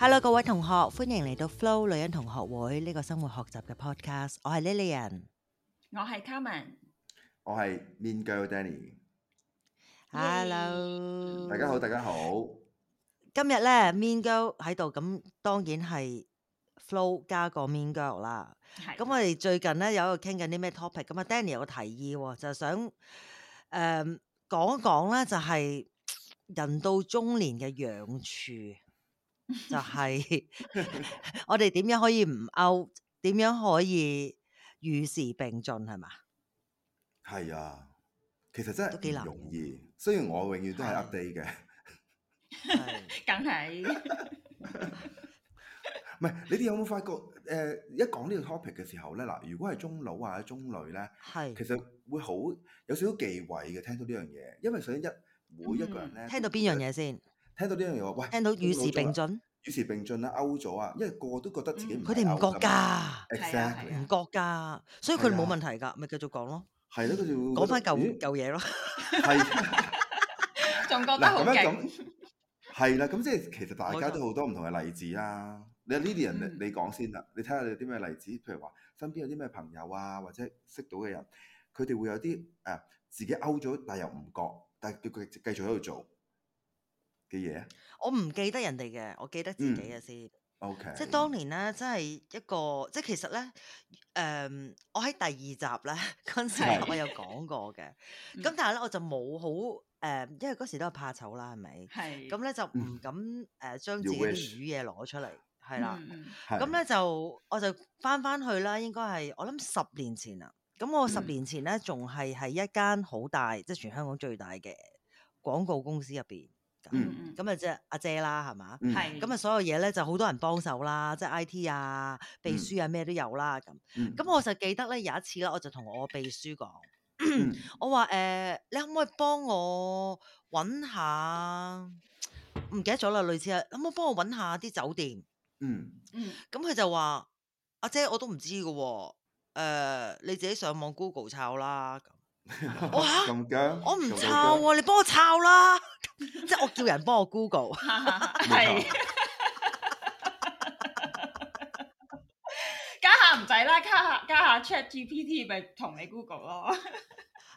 Hello 各位同學，歡迎嚟到 Flo 女人同學會呢、這個生活學習嘅 podcast，我係 Lillian，我係 Carmen，我係 mean girl Danny。Hello，大家好，大家好。今日咧 mean girl 喺度，咁當然係 Flo 加個 mean girl 啦。咁的我哋最近咧有一個傾緊啲咩 topic，咁啊 Danny 有個提議、哦，就係、是、想誒、呃、講一講咧，就係人到中年嘅癢處。就係我哋點樣可以唔 out？點樣可以與時並進？係嘛？係啊，其實真係唔容易。雖然我永遠都係 update 嘅，係梗係。唔係，你哋有冇發覺？誒，一講呢個 topic 嘅時候咧，嗱，如果係中老或者中女咧，係其實會好有少少忌諱嘅，聽到呢樣嘢，因為首先一每一個人咧，聽到邊樣嘢先。聽到呢樣嘢話，喂！聽到與時並進，與時並進啦，out 咗啊！因為個個都覺得自己唔係 out，咁樣。佢哋唔覺㗎，係啊，唔覺㗎，所以佢哋冇問題㗎，咪繼續講咯。係咯，繼續講返舊舊嘢咯。係，仲覺得好勁。嗱，咁樣咁係啦，咁即係其實大家都好多唔同嘅例子啊。你 Lilian，你講先啦，你睇下你啲咩例子，譬如話身邊有啲咩朋友啊，或者識到嘅人，佢哋會有啲誒、自己 out 咗，但又唔覺，但叫佢繼續喺度做。嘅嘢，我唔記得人哋嘅，我記得自己嘅先。嗯、o、okay. K，即係當年咧，真係一個，即係其實咧，誒、呃，我喺第二集咧嗰陣時，我有講過嘅。咁是的、嗯、但係咧，我就冇好誒、呃，因為嗰時都係怕醜啦，係咪？係。咁咧就唔敢誒、呃、將自己啲瘀嘢攞出嚟，係啦。咁咧就我就返返去啦，應該係我諗十年前啦。咁我十年前咧仲係喺一間好大，即係全香港最大嘅廣告公司入邊。嗯嗯，咁啊即係阿姐啦，係嘛？係、嗯，咁啊所有嘢咧就好多人幫手啦，即係 I T 啊、秘書啊咩都有啦咁。咁、嗯、我就記得咧有一次咧，我就同我秘書講，嗯嗯、我話誒、呃，你可唔可以幫我搵下？唔記得咗啦，類似啊，可唔可以幫我搵下啲酒店？嗯嗯，咁佢、嗯、就話阿姐，姐，我都唔知噶、哦，誒、呃，你自己上網 Google 抄啦。哇！我唔抄啊，你幫我抄啦，即係我叫人幫我 Google 係，家下唔使啦，家下家下 ChatGPT 咪同你 Google 咯，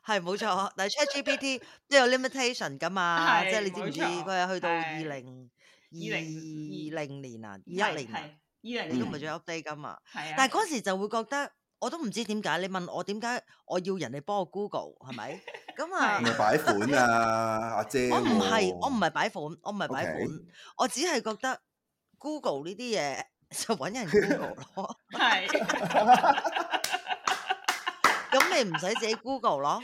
係冇錯，但係 ChatGPT 都有 limitation 噶嘛，即係你知唔知佢係去到二零二零二零年啊，二一年啊，二零年？都唔係最 update 噶嘛，係啊，但係嗰時就會覺得。我都唔知點解，你問我點解我要人哋幫我 Google 係咪？咁啊，唔係擺款啊，阿姐。我唔係，我唔係擺款，我唔係擺款，我只係覺得 Google 呢啲嘢就揾人 Google 咯。係。咁你唔使自己 Google 咯，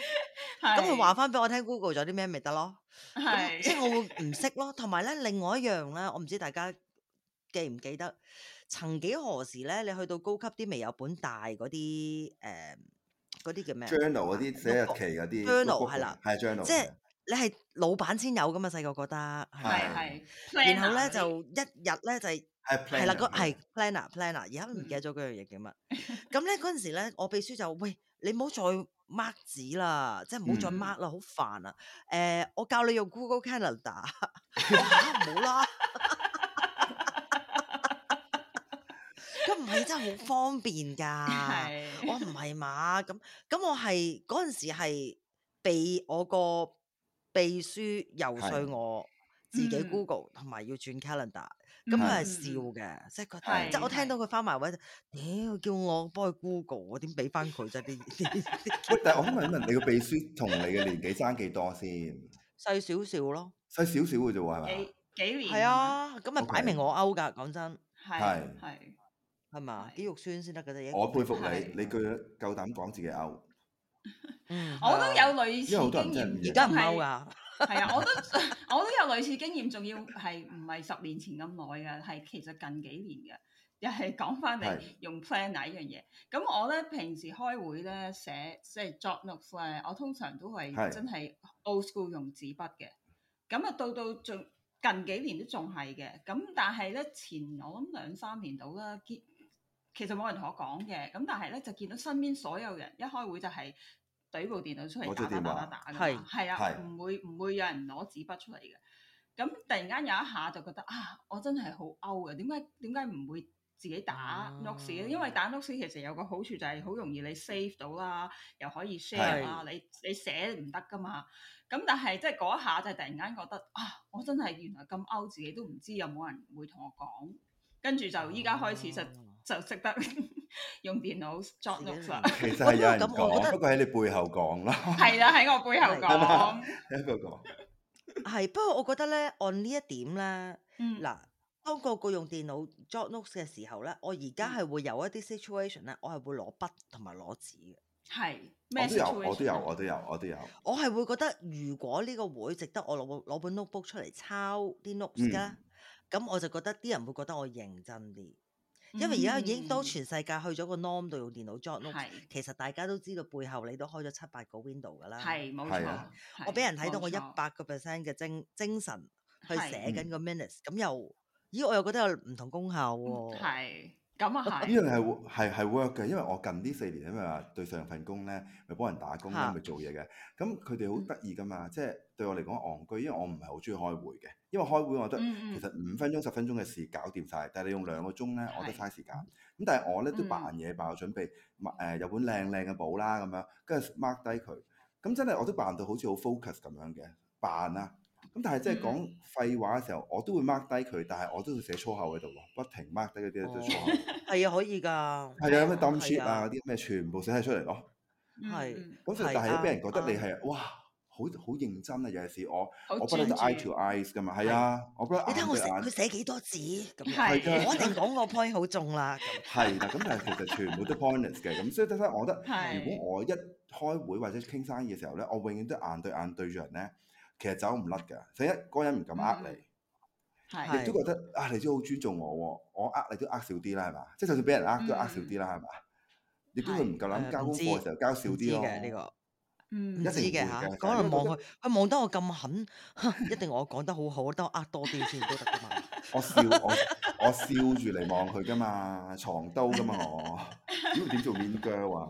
咁佢話翻俾我聽 Google 咗啲咩咪得咯。係。即係我會唔識咯，同埋咧，另外一樣咧，我唔知大家記唔記得。曾幾何時咧，你去到高級啲未有本大嗰啲，誒嗰啲叫咩？journal 嗰啲寫日期嗰啲 journal 係啦，係 journal，即係你係老闆先有㗎嘛？細個覺得係係，然後咧就一日咧就係係啦個係 planner planner，而家唔記得咗嗰樣嘢叫乜？咁咧嗰陣時咧，我秘書就喂你唔好再 mark 紙啦，即係唔好再 mark 啦，好煩啊！誒，我教你用 Google Calendar，唔好啦。佢唔係真係好方便㗎，我唔係嘛？咁咁我係嗰陣時係被我個秘書游説我自己 Google 同埋要轉 calendar，咁佢係笑嘅，即係佢即係我聽到佢翻埋位，屌叫我幫佢 Google，我點俾翻佢啫啲嘢？喂，但係我問一問你個秘書同你嘅年紀爭幾多先？細少少咯，細少少嘅啫喎，係咪？幾年？係啊，咁咪擺明我勾㗎，講真係係。啊嘛？肌肉酸先得㗎啫，我佩服你，你句夠膽講自己踎。嗯，我都有類似經驗，因為而家唔踎啊？係啊，我都我都有類似經驗，仲要係唔係十年前咁耐㗎？係其實近幾年嘅，又係講翻嚟用 planner 是呢樣嘢。咁我咧平時開會咧寫即係作 note 我通常都係真係 old school 用紙筆嘅。咁啊是，到到仲近幾年都仲係嘅。咁但係咧前我諗兩三年到啦其實冇人同我講嘅咁，但係咧就見到身邊所有人一開會就係攆部電腦出嚟打打打打打㗎嘛，係啦，唔 會唔會有人攞紙筆出嚟嘅。咁突然間有一下就覺得啊，我真係好 out 嘅。點解點解唔會自己打 notes 因為打 notes 其實有個好處就係好容易你 save 到啦，又可以 share 啦的。你你寫唔得㗎嘛？咁但係即係嗰一下就係突然間覺得啊，我真係原來咁 out，自己都唔知有冇人會同我講。跟住就依家開始就就識得用電腦作 notes 其實係有人 我覺得不過喺你背後講咯。係 啦，喺我背後講，一個講。係， 不過我覺得咧，按呢一點咧，嗱、嗯，當個,個個用電腦作 notes 嘅時候咧，我而家係會有一啲 situation 咧，我係會攞筆同埋攞紙嘅。係、嗯，咩都有，我都有，我都有，我都有。我係會覺得，如果呢個會值得我攞攞本 notebook 出嚟抄啲 notes 嘅。咁我就覺得啲人會覺得我認真啲，因為而家已經當全世界去咗個 norm 度用電腦 job 囉其實大家都知道背後你都開咗七八個 window 噶啦，係冇錯。錯我俾人睇到我一百個 percent 嘅精精神去寫緊個 minutes，咁又咦我又覺得有唔同功效喎、啊，係咁啊係。呢樣係係係 work 嘅，因為我近呢四年因為話對上份工咧，咪幫人打工咧，咪做嘢嘅。咁佢哋好得意噶嘛，即係、嗯、對我嚟講戇居，因為我唔係好中意開會嘅。因為開會我覺得、嗯、其實五分鐘、十分鐘嘅事搞掂晒，但係你用兩個鐘咧、嗯呃，我都嘥時間。咁但係我咧都扮嘢，扮個準備，誒有本靚靚嘅簿啦，咁樣跟住 mark 低佢。咁真係我都扮到好似好 focus 咁樣嘅扮啦。咁但係即係講廢話嘅時候，我都會 mark 低佢，但係我都會寫粗口喺度喎，不停 mark 低嗰啲咧都粗口。係啊、哦， 可以㗎。係、嗯、啊，咩 dump shit 啊，啲咩全部寫晒出嚟咯。係是，嗰時但係俾人覺得你係、啊、哇～好好認真啊！尤其是我我不嬲 eye to eyes 㗎嘛，係啊，我不能。你睇我寫佢寫幾多字？係，我一定講個 point 好重啦。係啦，咁但係其實全部都 pointless 嘅。咁所以真係我覺得，如果我一開會或者傾生意嘅時候咧，我永遠都眼對眼對住人咧，其實走唔甩嘅。第一嗰人唔敢呃你，係，亦都覺得啊，你都好尊重我喎，我呃你都呃少啲啦，係嘛？即係就算俾人呃都呃少啲啦，係嘛？亦都會唔夠膽交功課嘅時候交少啲咯。唔知嘅吓，講嚟望佢，佢望得我咁狠，一定我講得好好，得我呃多啲先都得噶嘛。我笑，我我笑住嚟望佢噶嘛，床兜噶嘛我。點做 mean girl？啊，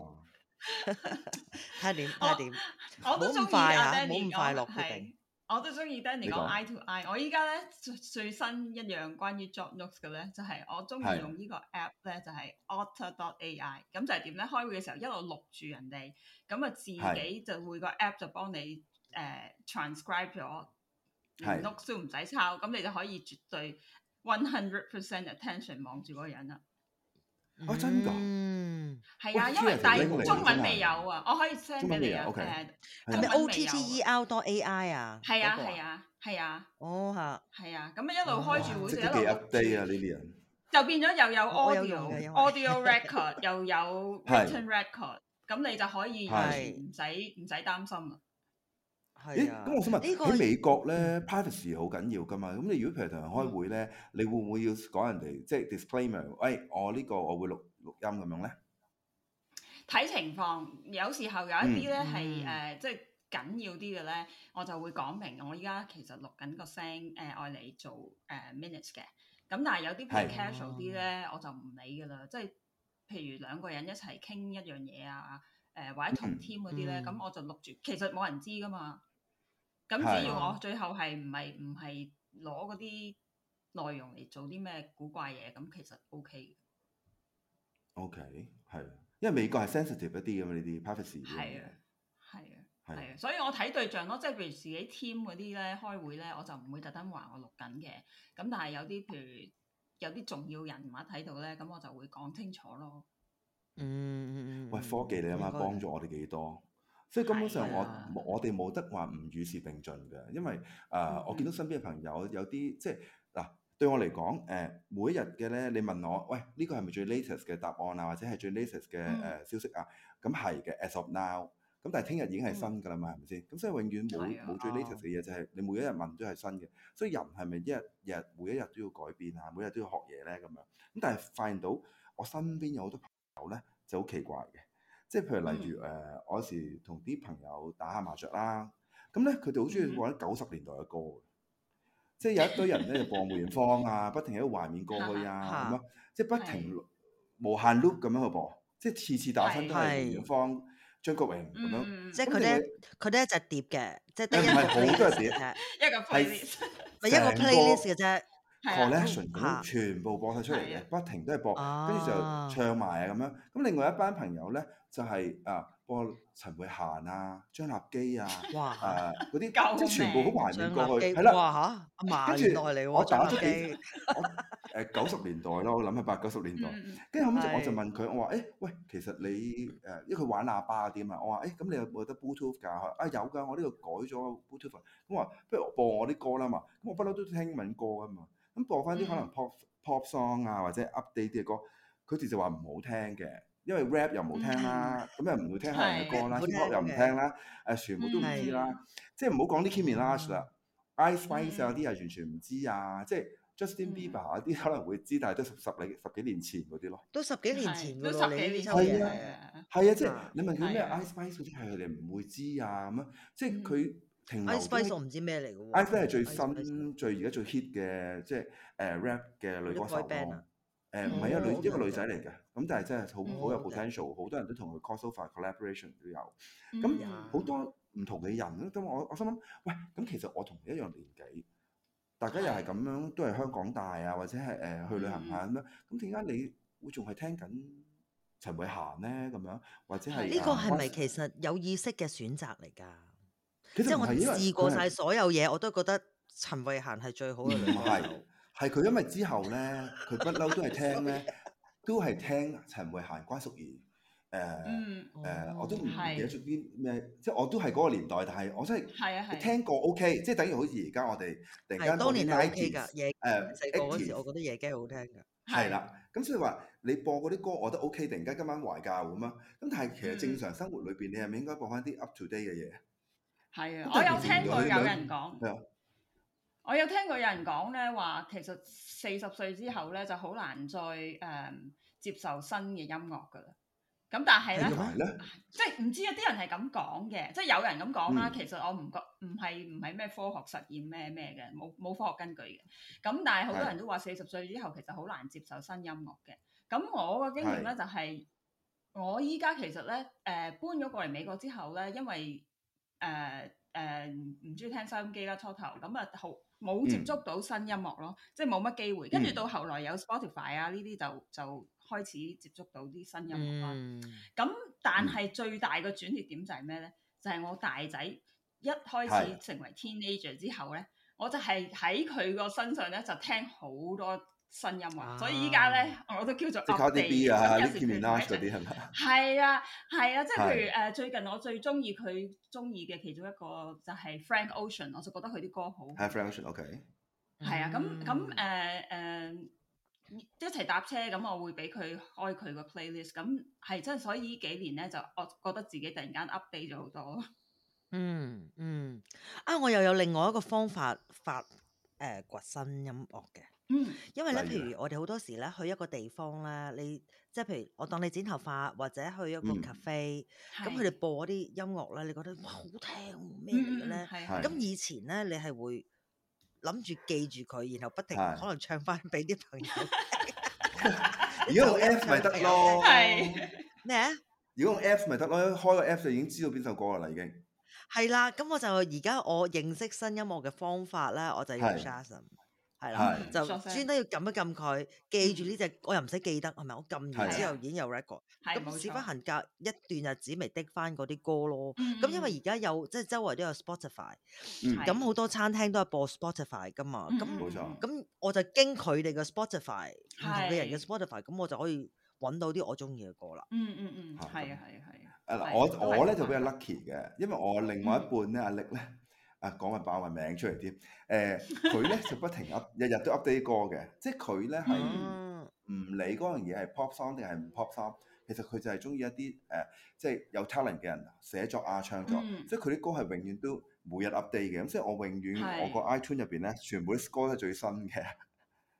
睇下點，睇下點。唔好咁快啊，唔好咁快落決定。我都中意 Denny 講 i to i 我依家咧最新一樣關於 job notes 嘅咧就係、是、我中意用呢個 app 咧是就係 otter dot、er. ai 咁就係點咧開會嘅時候一路錄住人哋咁啊自己就會是個 app 就幫你誒、呃、transcribe 咗連是 notes 都唔使抄咁你就可以絕對 one hundred percent attention 望住個人啦我、哦、真噶嗯，係啊，因為但係中文未有啊，我可以 send 俾你啊。OK，咁咩 O T T E R 多 A I 啊？係啊係啊係啊，哦吓，係啊，咁一路開住會，一路錄住。幾 update 啊呢啲人？就變咗又有 audio audio record，又有 written record，咁你就可以唔使唔使擔心啦。係，咁我想問喺美國咧，privacy 好緊要噶嘛？咁你如果譬如同人開會咧，你會唔會要講人哋即係 disclaimer？喂，我呢個我會錄錄音咁樣咧？睇情況，有時候有一啲咧係誒，即係緊要啲嘅咧，我就會講明。我依家其實錄緊個聲，誒嚟做誒、呃、minutes 嘅。咁但係有啲 p 比較 casual 啲咧，我就唔理㗎啦。即係譬如兩個人一齊傾一樣嘢啊，誒、呃、或者同 team 嗰啲咧，咁我就錄住，嗯、其實冇人知㗎嘛。咁只要我最後係唔係唔係攞嗰啲內容嚟做啲咩古怪嘢，咁其實 OK。OK，係。因為美國係 sensitive 一啲咁嘛，呢啲 privacy 係啊，係啊，係啊，所以我睇對象咯，即係譬如自己 team 嗰啲咧開會咧，我就唔會特登話我錄緊嘅。咁但係有啲譬如有啲重要人物睇到咧，咁我就會講清楚咯。嗯嗯嗯，嗯嗯，喂，科技你諗下，幫助我哋幾多？即係根本上我的我哋冇得話唔與時並進嘅，因為啊，呃嗯、我見到身邊嘅朋友有啲即係。對我嚟講，誒每一日嘅咧，你問我，喂呢個係咪最 latest 嘅答案啊，或者係最 latest 嘅誒消息啊？咁係嘅，as of now。咁但係聽日已經係新㗎啦嘛，係咪先？咁、嗯、所以永遠冇冇、mm. 最 latest 嘅嘢，就係、是、你每一日問都係新嘅。所以人係咪一日日每一日都要改變啊？每日都要學嘢咧咁樣。咁但係發現到我身邊有好多朋友咧就好奇怪嘅，即係譬如例如誒，mm. 我有時同啲朋友打下麻雀啦，咁咧佢哋好中意玩九十年代嘅歌。即係有一堆人咧就播梅豔芳啊，不停喺度懷念過去啊咁樣，即係不停無限 loop 咁樣去播，即係次次打分都係梅豔芳、張國榮咁樣。即係佢咧佢咧一隻碟嘅，即係等唔係好多碟嘅，一個 playlist 一個 playlist 嘅啫。Collection 係咧，全部播晒出嚟嘅，不停都係播，跟住就唱埋啊咁樣。咁另外一班朋友咧就係、是、啊，播陳慧嫻啊、張立基啊，哇，誒嗰啲即係全部好懷念過去，係啦嚇。跟住了、啊啊、我打咗電話，九十年代咯，我諗係八九十年代。跟住、嗯、後屘我就問佢，我話誒、哎、喂，其實你誒因為佢玩喇叭嗰啲我話誒咁你有冇得 oot Bluetooth 㗎啊？哎、有㗎，我呢度改咗 Bluetooth oot、啊。我話不如播我啲歌啦嘛，咁我不嬲都聽英文歌㗎嘛。咁播翻啲可能 pop pop song 啊，或者 update 啲嘅歌，佢哋就話唔好聽嘅，因為 rap 又唔好聽啦，咁又唔會聽下人嘅歌啦 hip hop 又唔聽啦，誒全部都唔知啦，即係唔好講啲 Kimmy Lash 啦，Ice Spice 啊啲係完全唔知啊，即係 Justin Bieber 啊啲可能會知，但係都十十幾十幾年前嗰啲咯，都十幾年前嘅咯，你呢啲嘢係啊，係啊，即係你問佢咩 Ice Spice 嗰啲係佢哋唔會知啊咁啊，即係佢。iSpice 唔知咩嚟嘅喎。iSpice 係最新最而家最 hit 嘅，即係誒 rap 嘅女歌手 band 啊。唔係一女，一個女仔嚟嘅，咁但係真係好好有 potential，好多人都同佢 collaboration a l l 都有。咁好多唔同嘅人咁，我我心諗喂，咁其實我同你一樣年紀，大家又係咁樣，都係香港大啊，或者係誒去旅行下咁樣。咁點解你會仲係聽緊陳慧嫻咧？咁樣或者係呢個係咪其實有意識嘅選擇嚟㗎？即係我試過晒所有嘢，我都覺得陳慧嫻係最好嘅。唔係係佢，因為之後咧，佢不嬲都係聽咧，都係聽陳慧嫻、關淑怡誒誒，我都唔記得咗啲咩。即係我都係嗰個年代，但係我真係聽過 OK，即係等於好似而家我哋突然間當年 90s 嘅細個嗰時我覺得野雞好聽㗎。係啦，咁所以話你播嗰啲歌，我覺得 OK。突然間今晚懷教咁啦，咁但係其實正常生活裏邊，你係咪應該播返啲 up to day 嘅嘢？係啊，我有聽過有人講，我有聽過有人講咧話，其實四十歲之後咧就好難再誒、嗯、接受新嘅音樂噶啦。咁但係咧的，即係唔知有啲人係咁講嘅，即係有人咁講啦。嗯、其實我唔覺，唔係唔係咩科學實驗咩咩嘅，冇冇科學根據嘅。咁但係好多人都話四十歲之後其實好難接受新音樂嘅。咁我個經驗咧就係、是、的我依家其實咧誒、呃、搬咗過嚟美國之後咧，因為誒誒唔中意聽收音機啦，初頭咁啊，好冇接觸到新音樂咯，嗯、即係冇乜機會。跟住到後來有 Spotify 啊呢啲就就開始接觸到啲新音樂啦。咁、嗯、但係最大嘅轉捩點就係咩咧？就係、是、我大仔一開始成為 Teenager 之後咧，的我就係喺佢個身上咧就聽好多。新音啊，所以依家咧我都叫做 update 啊，Justin Bieber 嗰啲係咪？係啊，係啊，即係譬如誒，啊、最近我最中意佢中意嘅其中一個就係 Frank Ocean，我就覺得佢啲歌好係 Frank Ocean，OK 係啊，咁咁誒誒一齊搭車咁，我會俾佢開佢個 playlist。咁係真係，所以呢幾年咧就我覺得自己突然間 update 咗好多。嗯嗯，啊，我又有另外一個方法發誒掘新音樂嘅。嗯，因為咧，譬如我哋好多時咧去一個地方咧，你即係譬如我當你剪頭髮或者去一個 cafe，咁佢哋播嗰啲音樂咧，你覺得好聽咩嚟嘅咧？咁以前咧，你係會諗住記住佢，然後不停可能唱翻俾啲朋友。如果用 F 咪得咯？咩啊？如果用 F 咪得咯？開個 F 就已經知道邊首歌啦，已經。係啦，咁我就而家我認識新音樂嘅方法咧，我就用 Shazam。係啦，就專登要撳一撳佢，記住呢隻，我又唔使記得，係咪？我撳完之後，已經有 record。咁屎不行隔一段日子，咪滴翻嗰啲歌咯。咁因為而家有即係周圍都有 Spotify，咁好多餐廳都係播 Spotify 噶嘛。咁冇錯。咁我就經佢哋嘅 Spotify，唔同嘅人嘅 Spotify，咁我就可以揾到啲我中意嘅歌啦。嗯嗯嗯，係啊係啊係啊。誒，我我咧就比較 lucky 嘅，因為我另外一半咧阿力咧。啊，講埋爆埋名出嚟添。誒、呃，佢咧就不停 up， 日日都 update 歌嘅。即係佢咧係唔理嗰樣嘢係 pop song 定係唔 pop song，其實佢就係中意一啲誒，即、呃、係、就是、有 talent 嘅人寫作啊、唱作。嗯、即係佢啲歌係永遠都每日 update 嘅。咁、嗯嗯、所以，我永遠我個 iTunes 入邊咧，全部啲歌都係最新嘅。咁、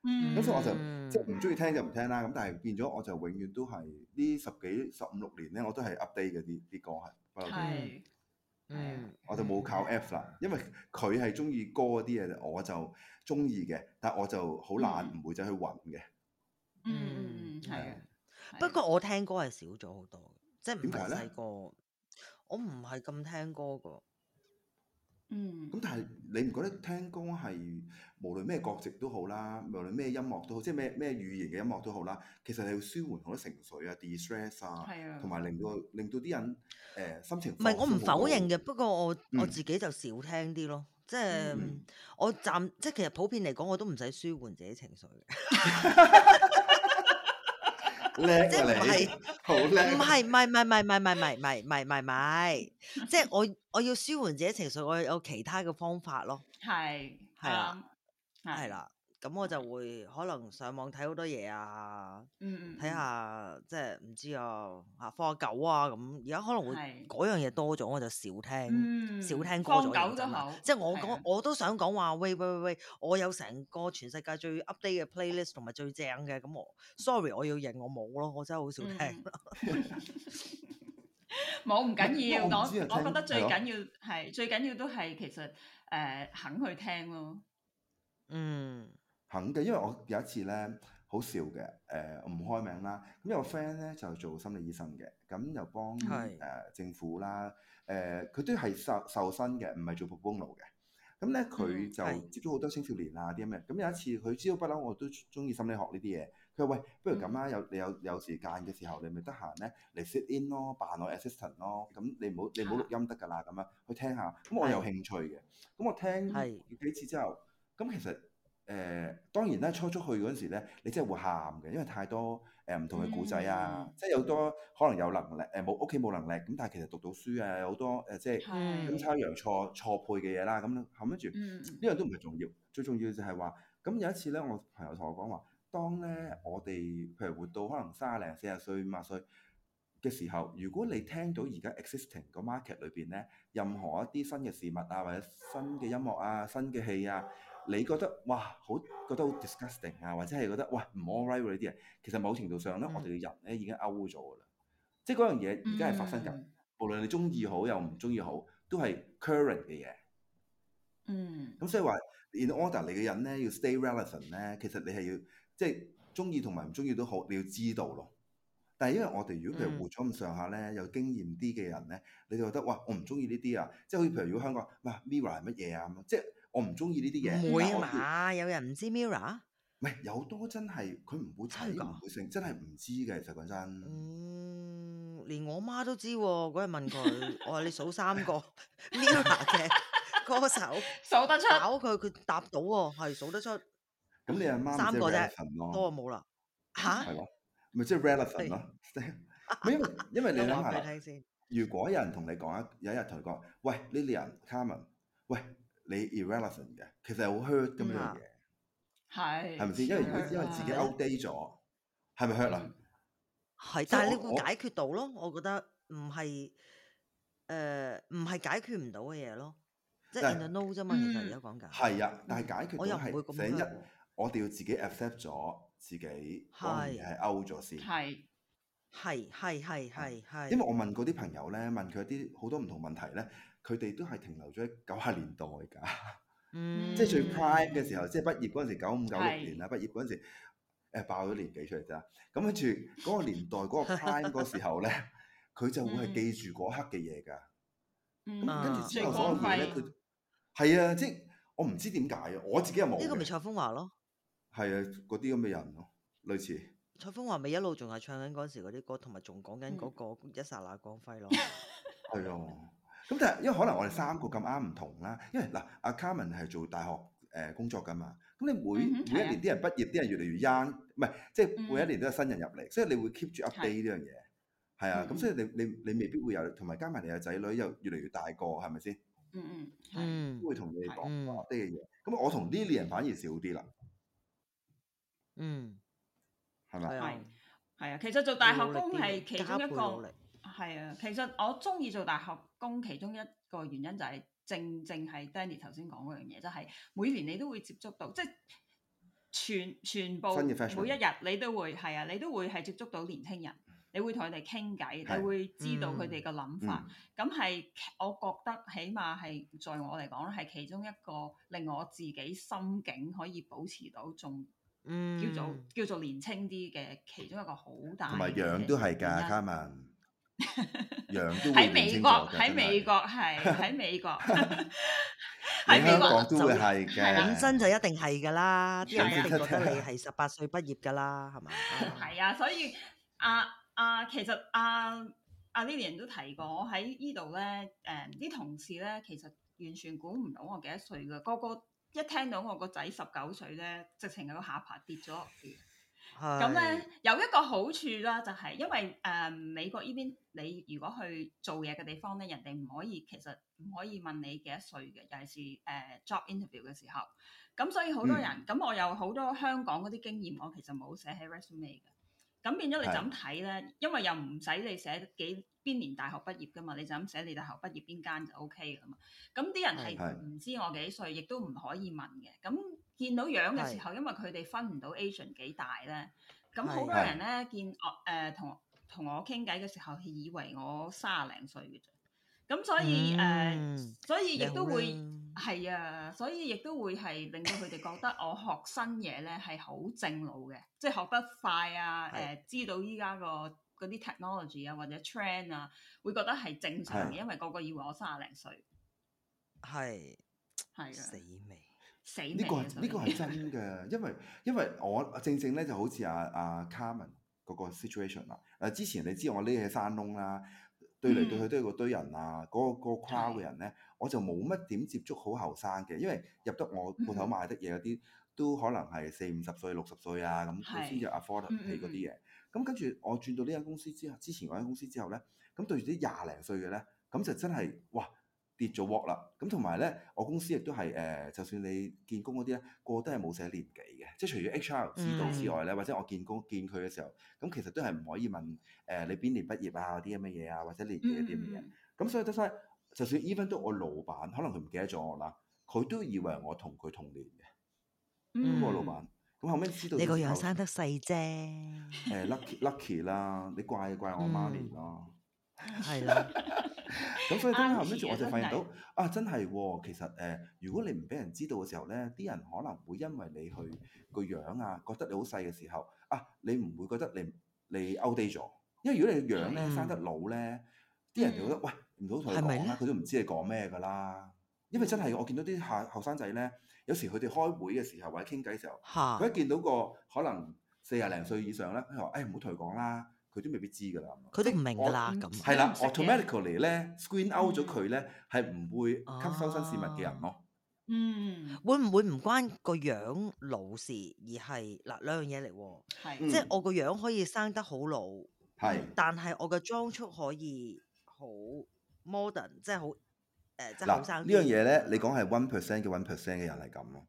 嗯嗯、所以我就即係唔中意聽就唔聽啦。咁但係變咗，我就永遠都係呢十幾、十五六年咧，我都係 update 啲嘅啲啲歌係。係、嗯、我就冇靠 F 啦，因為佢係中意歌啲嘢，我就中意嘅，但我就好懶，唔會走去揾嘅。嗯，係啊的，的不過我聽歌係少咗好多，即係唔係細個，我唔係咁聽歌噶。嗯，咁但係你唔覺得聽歌係無論咩國籍都好啦，無論咩音樂都好，即係咩咩語言嘅音樂都好啦，其實係會舒緩好多情緒啊，de stress 啊，同埋、啊啊、令到令到啲人誒、呃、心情唔係我唔否認嘅，好不過我我自己就少聽啲咯，即係、嗯、我暫即係其實普遍嚟講，我都唔使舒緩自己情緒。 即係唔係唔係唔係唔係唔係唔係唔係唔係唔係，即係 我我要舒緩自己情緒，我有其他嘅方法咯。係，係啊，係啦的。 咁我就會可能上網睇好多嘢啊，睇下即係唔知啊，吓放狗啊咁。而家可能會嗰樣嘢多咗，我就少聽，少聽歌咗。即係我講，我都想講話喂喂喂喂，我有成個全世界最 update 嘅 playlist 同埋最正嘅。咁我 sorry，我要認我冇咯，我真係好少聽。冇唔緊要，我我覺得最緊要係最緊要都係其實誒肯去聽咯，嗯。肯嘅，因為我有一次咧好笑嘅，誒、呃、唔開名啦。咁有個 friend 咧就做心理醫生嘅，咁又幫誒政府啦，誒佢都係受受薪嘅，唔係做暴風爐嘅。咁咧佢就接咗好多青少年啊啲咩？咁、嗯嗯、有一次佢知道不嬲，我都中意心理學呢啲嘢。佢話：喂，不如咁啦，有你有有時間嘅時候，你咪得閒咧嚟 sit in 咯，扮我 assistant 咯。咁你唔好你唔好錄音得㗎啦，咁、啊、樣去聽下。咁我有興趣嘅，咁是我聽幾次之後，咁其實。誒、呃、當然啦，初初去嗰陣時咧，你真係會喊嘅，因為太多誒唔、呃、同嘅古仔啊，mm hmm. 即係有好多可能有能力誒冇屋企冇能力咁，但係其實讀到書啊，好多誒、呃、即係陰差陽錯錯配嘅嘢啦，咁跟住呢樣都唔係重要，最重要就係話咁有一次咧，我朋友同我講話，當咧我哋譬如活到可能三十零、四十歲、五十歲嘅時候，如果你聽到而家 existing 個 market 裏邊咧，任何一啲新嘅事物啊，或者新嘅音樂啊、新嘅戲啊，oh. 你覺得哇，好覺得好 disgusting 啊，或者係覺得喂唔 all right 呢啲人，其實某程度上咧，嗯、我哋嘅人咧已經 out 咗㗎啦。即係嗰樣嘢而家係發生緊，嗯、無論你中意好又唔中意好，都係 current 嘅嘢。嗯。咁所以話，in order 你嘅人咧要 stay relevant 咧，其實你係要即係中意同埋唔中意都好，你要知道咯。但係因為我哋如果譬如活咗咁上下咧，嗯、有經驗啲嘅人咧，你就覺得哇，我唔中意呢啲啊，即係好似譬如如果香港，哇 mirror 係乜嘢啊咁，即係。我唔中意呢啲嘢。唔會啊嘛，有人唔知 Mirror。唔係有多真係佢唔會睇，唔會識，真係唔知嘅。實講真。嗯，連我媽都知喎。嗰日問佢，我話你數三個 Mirror 嘅歌手，數得出。搞佢佢答到喎，係數得出。咁你阿媽？三個啫。多冇啦。吓？係咯。咪即係 relevant 咯。因為因為你諗下啦，如果有人同你講一有一日同你講，喂，Lilian，Carmen，喂。你 irrelevant 嘅，其實係好 hurt 咁樣嘢，係係咪先？因為如果因為自己 outdate 咗，係咪 hurt 啦？係，但係你會解決到咯，我覺得唔係，誒唔係解決唔到嘅嘢咯，即係 in the know 啫嘛，其實而家講緊。係啊，但係解決到係第一，我哋要自己 accept 咗自己當年係 out 咗先。係係係係係。因為我問過啲朋友咧，問佢啲好多唔同問題咧。佢哋都係停留咗喺九十年代㗎，即係最 prime 嘅時候，即係畢業嗰陣時，九五九六年啦，畢業嗰陣時，誒爆咗年紀出嚟啫。咁跟住嗰個年代、嗰個 prime 嗰時候咧，佢就會係記住嗰刻嘅嘢㗎。咁跟住之後所有嘢咧，佢係啊，即係我唔知點解啊，我自己又冇。呢個咪蔡楓華咯，係啊，嗰啲咁嘅人咯，類似。蔡楓華咪一路仲係唱緊嗰陣時嗰啲歌，同埋仲講緊嗰個一剎那光輝咯。係啊。咁但係，因為可能我哋三個咁啱唔同啦。因為嗱，阿 Carmen 係做大學誒工作㗎嘛。咁你每每一年啲人畢業，啲人越嚟越 young，唔係，即係每一年都有新人入嚟，所以你會 keep 住 update 呢樣嘢。係啊，咁所以你你你未必會有，同埋加埋你個仔女又越嚟越大個，係咪先？嗯嗯，係。都會同你講啲嘅嘢。咁我同 Lilian 反而少啲啦。嗯，係咪啊？係，係啊。其實做大學工係其中一個。係啊，其實我中意做大學。工其中一個原因就係正正係 Danny 頭先講嗰樣嘢，就係、是、每年你都會接觸到，即係全全部每一日你都會係啊，你都會係接觸到年輕人，你會同佢哋傾偈，你會知道佢哋嘅諗法。咁係、嗯、我覺得起碼，起碼係在我嚟講咧，係其中一個令我自己心境可以保持到仲叫做、嗯、叫做年輕啲嘅其中一個好大唔係樣都係㗎，Carmen。喺 美國，喺美國係，喺美國，喺 美國就 美國 會係嘅，本身 就一定係噶啦，啲、啊、人一定覺得你係十八歲畢業噶啦，係嘛？係啊，所以阿阿、啊啊、其實阿阿、啊啊、Lilian 都提過，我喺呢度咧，誒、嗯、啲同事咧，其實完全估唔到我幾多歲噶，個個一聽到我個仔十九歲咧，直情係都下巴下跌咗落咁咧有一個好處啦，就係、是、因為誒、呃、美國依邊你如果去做嘢嘅地方咧，人哋唔可以其實唔可以問你幾多歲嘅，尤其是誒、呃、job interview 嘅時候。咁所以好多人，咁、嗯、我有好多香港啲經驗，我其實冇寫喺 resume 嘅。咁變咗你就咁睇咧，因為又唔使你寫幾邊年大學畢業噶嘛，你就咁寫你大學畢業邊間就 OK 噶嘛。咁啲人係唔知我幾歲，亦都唔可以問嘅。咁見到樣嘅時候，是因為佢哋分唔到 Asian 幾大咧，咁好多人咧是見、呃、我誒同同我傾偈嘅時候，係以為我三廿零歲嘅啫。咁所以誒、嗯呃，所以亦都會。係啊，所以亦都會係令到佢哋覺得我學新嘢咧係好正路嘅，即係學得快啊！誒的、呃，知道依家個嗰啲 technology 啊或者 trend 啊，會覺得係正常嘅，的因為個個以為我三廿零歲。係係啊！死未？死未，呢個係呢以個係真嘅， 因為因為我正正咧就好似阿、啊、阿、啊、Carmen 嗰個 situation 啦。誒，之前你知我呢喺山窿啦。對嚟對去都係嗰堆人啊，嗰、mm hmm。個嗰 crowd 嘅人咧，mm hmm。我就冇乜點接觸好後生嘅，因為入得我鋪頭買得嘢嗰啲都可能係四五十歲、六十歲啊咁先至 afford 起嗰啲嘢。咁跟住我轉到呢間公司之後，之前嗰間公司之後咧，咁對住啲廿零歲嘅咧，咁就真係哇～跌咗鑊啦！咁同埋咧，我公司亦都係誒，就算你見工嗰啲咧，個都係冇寫年紀嘅，即係除咗 HR 知道之外咧，嗯、或者我見工見佢嘅時候，咁其實都係唔可以問誒、呃、你邊年畢業啊啲咁嘅嘢啊，或者年紀啲乜嘢。咁、嗯嗯、所以得晒，就算 even 都我老闆可能佢唔記得咗我啦，佢都以為我同佢同年嘅。嗯，我、嗯啊、老闆。咁後尾知道你個樣生得細啫。誒、欸、 lucky lucky 啦，你怪怪我媽咪咯。嗯係啦，咁所以咁後屘就我就發現到啊，真、啊、係，其實誒，如果你唔俾人知道嘅時候咧，啲人可能會因為你去個樣啊，覺得你好細嘅時候啊，你唔會覺得你你 outdate 咗，因為如果你樣咧生得老咧，啲、嗯、人就覺得，喂「喂唔好同佢講啦，佢都唔知你講咩噶啦。因為真係我見到啲後後生仔咧，有時佢哋開會嘅時候或者傾偈嘅時候，佢哈一見到一個可能四廿零歲以上咧，佢話誒唔好同佢講啦。哎佢都未必知噶啦，佢都唔明噶啦，咁係啦，automatically 咧 screen out 咗佢咧，係唔會吸收新事物嘅人咯、啊。嗯，會唔會唔關個樣老事，而係嗱兩樣嘢嚟喎。的嗯、即係我個樣可以生得好老，係的，但係我嘅裝束可以好 modern，即係好誒，即係好生。嗱呢樣嘢咧，你講係 one percent 嘅 one percent 嘅人係咁咯。嗯、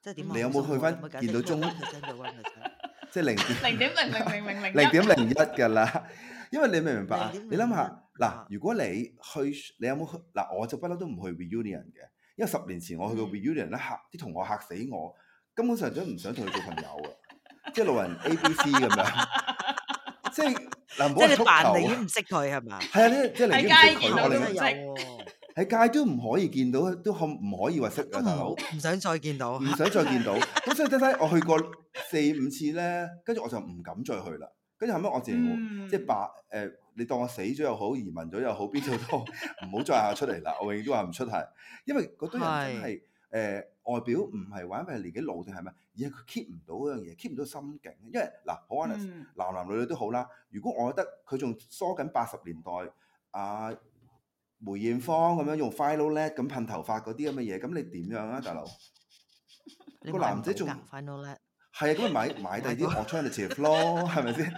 即係點？你有冇去翻見到中？one percent 嘅 one percent？即係零點零點零零零零零點零一㗎啦，因為你明唔明白啊？你諗下嗱，如果你去，你有冇去嗱？我就不嬲都唔去 reunion 嘅，因為十年前我去過 reunion 咧，嚇啲同學嚇死我，根本上都唔想同佢做朋友啊！即係老人 ABC 咁樣，即係即係你扮零點唔識佢係嘛？係啊，即係即係零點唔識佢。喺街都唔識喎，喺街都唔可以見到，都可唔可以話識啊？大佬唔想再見到，唔想再見到。咁所以真係我去過四五次咧，跟住我就唔敢再去啦。跟住後屘我自然即係白，誒、呃，你當我死咗又好，移民咗又好，邊度都唔好再出嚟啦。 我永遠都話唔出係，因為嗰多人真係、呃、外表唔係因係年紀老定係咩？而係佢 keep 唔到嗰樣嘢，keep 唔到心境。因為嗱，好 h o n e s t 男男女女都好啦。如果我覺得佢仲梳緊八十年代啊梅艷芳咁樣用 f i n 快佬叻咁噴頭髮嗰啲咁嘅嘢，咁你點樣啊，大佬？ 個男仔仲 係啊，咁咪買買第啲學出嚟 check flow 係咪先？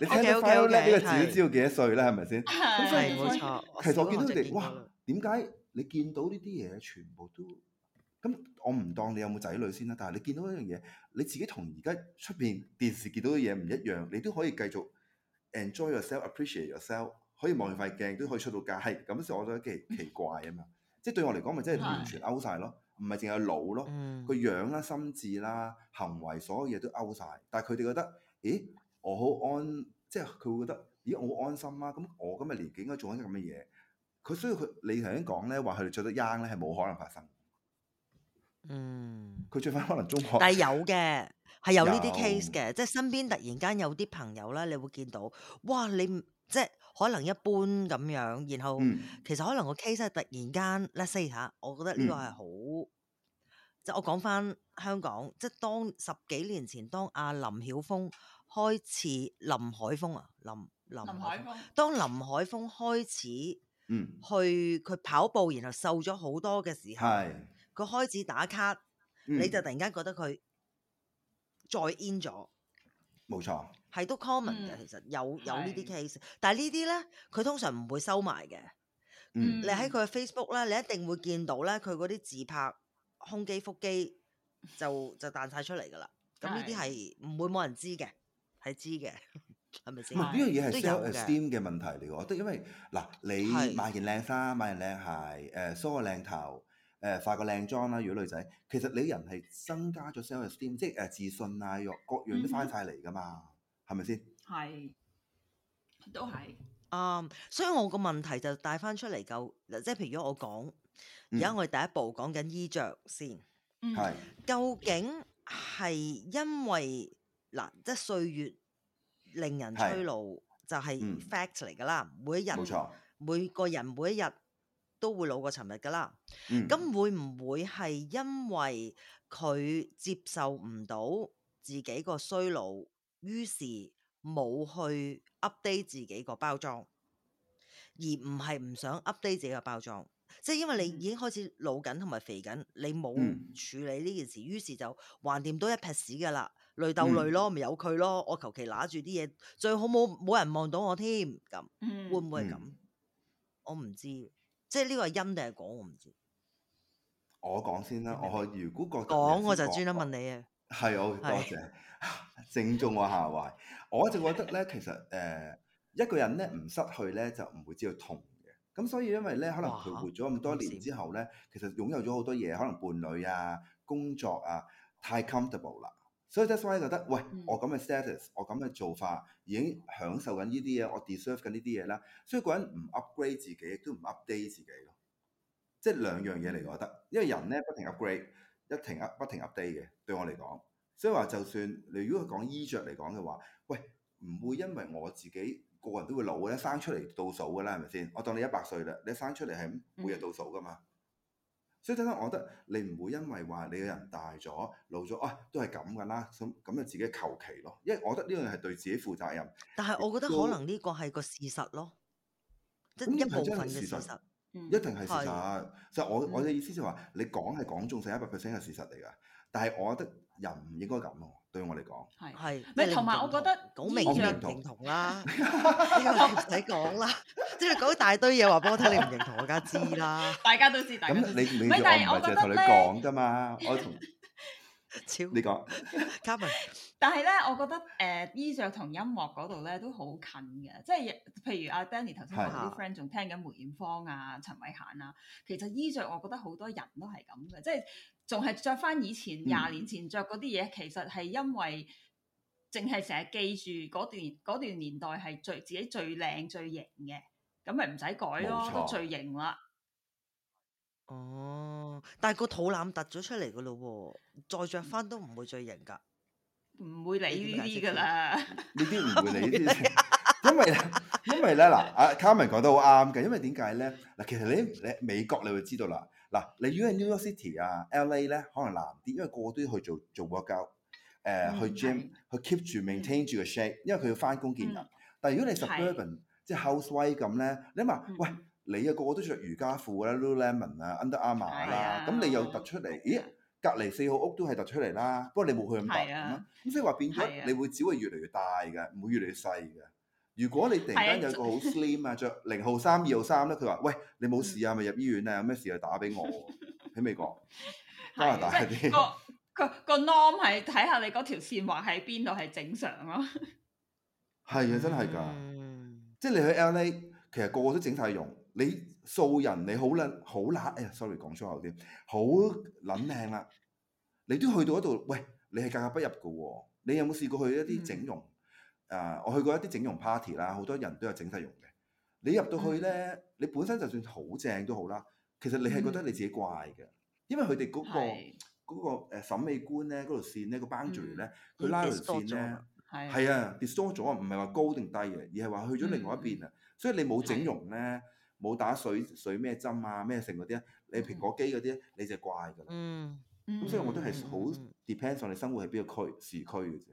你聽 flow 呢 okay, okay, okay, 個字都知道幾多歲啦，係咪先？係冇的的錯。其實我見到佢哋，哇！點解你見到呢啲嘢全部都咁、嗯？我唔當你有冇仔女先啦。但係你見到一樣嘢，你自己同而家出邊電視見到嘅嘢唔一樣，你都可以繼續 enjoy yourself，appreciate yourself，可以望住塊鏡都可以出到街。係咁，所以我都幾奇怪啊嘛。 即係對我嚟講，咪真係完全 out 晒咯。 唔係淨係老咯，個、嗯、樣啦、心智啦、行為所有嘢都 out 晒。但係佢哋覺得，咦，我好安，即係佢會覺得，咦，我好安心啦、啊。」咁我今日年，年紀應該做緊啲咁嘅嘢。佢所以佢你頭先講咧，話佢哋着得 young 咧係冇可能發生。嗯。佢着返可能中學。但係 有嘅係有呢啲 case 嘅，即係身邊突然間有啲朋友咧，你會見到，哇！你即係。可能一般咁樣，然後其實可能個 case 突然間 let's see 嚇、嗯，say, 我覺得呢個係好，嗯、即係我講翻香港，即係當十幾年前，當阿林曉峰開始林海峰啊，林林海峰，林海峰當林海峰開始去佢、嗯、跑步，然後瘦咗好多嘅時候，佢是開始打卡，嗯、你就突然間覺得佢再 in 咗。冇錯，係都 common 嘅，其實有有 case, 的呢啲 case，但係呢啲咧，佢通常唔會收埋嘅。嗯，你喺佢嘅 Facebook 咧，你一定會見到咧，佢嗰啲自拍胸肌腹肌就就彈晒出嚟㗎啦。咁呢啲係唔會冇人知嘅，係知嘅，係咪先？呢樣嘢係都有 self-esteem 嘅問題嚟喎，即係的因為嗱，你買件靚衫，買件靚鞋，誒梳個靚頭。誒、呃、化個靚妝啦，如果女仔，其實你人係增加咗 self-esteem，即係誒自信啊，各樣都翻晒嚟噶嘛，係咪先？係，都係啱。Um, 所以我個問題就帶翻出嚟，夠嗱，即係譬如我講，而家我哋第一步講緊衣着先，係、嗯，嗯、究竟係因為嗱，即係歲月令人衰老，是就係 fact 嚟㗎啦，嗯、每一日，冇錯，錯每個人，每一日。都會老過尋日噶啦，咁、嗯、會唔會係因為佢接受唔到自己個衰老，於是冇去 update 自己個包裝，而唔係唔想 update 自己個包裝？即係因為你已經開始老緊同埋肥緊，你冇處理呢件事，嗯、於是就橫掂都一撇屎噶啦，累鬥累咯，咪有佢咯。我求其拿住啲嘢，最好冇冇人望到我添。咁、嗯、會唔會係咁？嗯、我唔知。即係呢個係音定係講，我唔知。 我講先啦，我如果覺得講，我就專登問你啊。係，我多謝，謝。 正中我下懷。我就覺得咧，其實誒、呃、一個人咧唔失去咧就唔會知道痛嘅。咁所以因為咧，可能佢活咗咁多年之後咧，啊、其實擁有咗好多嘢，可能伴侶啊、工作啊，太 comfortable 啦。所以 just why 覺得喂，嗯、我咁嘅 status，我咁嘅做法已經享受緊呢啲嘢，我 deserve 緊呢啲嘢啦。所以個人唔 upgrade 自己，亦都唔 update 自己咯。即係兩樣嘢嚟講，我覺得，因為人咧不停 upgrade，一停 up 不停 update 嘅，對我嚟講。所以話就算你如果講衣着嚟講嘅話，喂，唔會因為我自己個人都會老嘅啦，一生出嚟倒數㗎啦，係咪先？我當你一百歲啦，你生出嚟係每日倒數噶嘛？嗯嗯所以真真，我覺得你唔會因為話你個人大咗、老咗，啊都係咁噶啦，咁咁就自己求其咯。因為我覺得呢樣係對自己負責任。但係我覺得可能呢個係個事實咯，嗯、即一部分嘅事實，一定係事實。就我我嘅意思就話，嗯、你講係講中成一百 percent 嘅事實嚟噶，但係我覺得人唔應該咁咯。對我嚟講，係係，唔同埋，我覺得好明啦，認同啦，呢個唔使講啦，即係講一大堆嘢話俾我聽，你唔認同，我家知啦，大家都知。大咁你你同我唔係同你講㗎嘛？我同超，你講 Carmen。但係咧，我覺得誒衣着同音樂嗰度咧都好近嘅，即係譬如阿 Denny 頭先話啲 friend 仲聽緊梅艷芳啊、陳慧嫻啊，其實衣着我覺得好多人都係咁嘅，即係。仲係着翻以前廿年前着嗰啲嘢，嗯、其實係因為淨係成日記住嗰段嗰段年代係最自己最靚最型嘅，咁咪唔使改咯，錯都最型啦。哦，但係個肚腩突咗出嚟噶咯，再着翻都唔會最型噶，唔、嗯、會理呢啲噶啦。呢啲唔會理呢啲， 因為因為咧嗱，阿 Carmen 講得好啱嘅，因為點解咧嗱？其實你你美國你會知道啦。嗱，你如果係 New York City 啊、LA 咧，可能難啲，因為個個都要去做做 workout，誒去 gym 去 keep 住 maintain 住個 shape，因為佢要翻工見人。但係如果你 suburban 即係 houseway 咁咧，你諗下，喂你啊個個都着瑜伽褲啦、Lululemon 啊、under armour 啦，咁你又突出嚟，咦隔離四號屋都係突出嚟啦，不過你冇去咁大咁，所以話變咗你會只會越嚟越大嘅，唔會越嚟越細嘅。如果你突然間有個好 slim 啊，着零號衫、二號衫咧，佢話：喂，你冇事啊？咪、嗯、入醫院啊？有咩事就打俾我喺、嗯、美國 加拿大嗰啲 個個 norm 係睇下你嗰條線畫喺邊度係正常咯。係啊，真係㗎，嗯、即係你去 LA，其實個個都整晒容。你素人，你好撚好辣，哎呀，sorry 講粗口添，好撚靚啦。你都去到一度，喂，你係格格不入嘅喎。你有冇試過去一啲整容？嗯啊！我去過一啲整容 party 啦，好多人都有整體容嘅。你入到去咧，你本身就算好正都好啦，其實你係覺得你自己怪嘅，因為佢哋嗰個嗰個審美觀咧，嗰條線咧，個 boundary 咧，佢拉條線咧，係啊，distort 咗唔係話高定低嘅，而係話去咗另外一邊啊。所以你冇整容咧，冇打水水咩針啊咩性嗰啲，你蘋果肌嗰啲，你就怪㗎啦。咁所以我覺得係好 depends on 你生活喺邊個區市區嘅啫。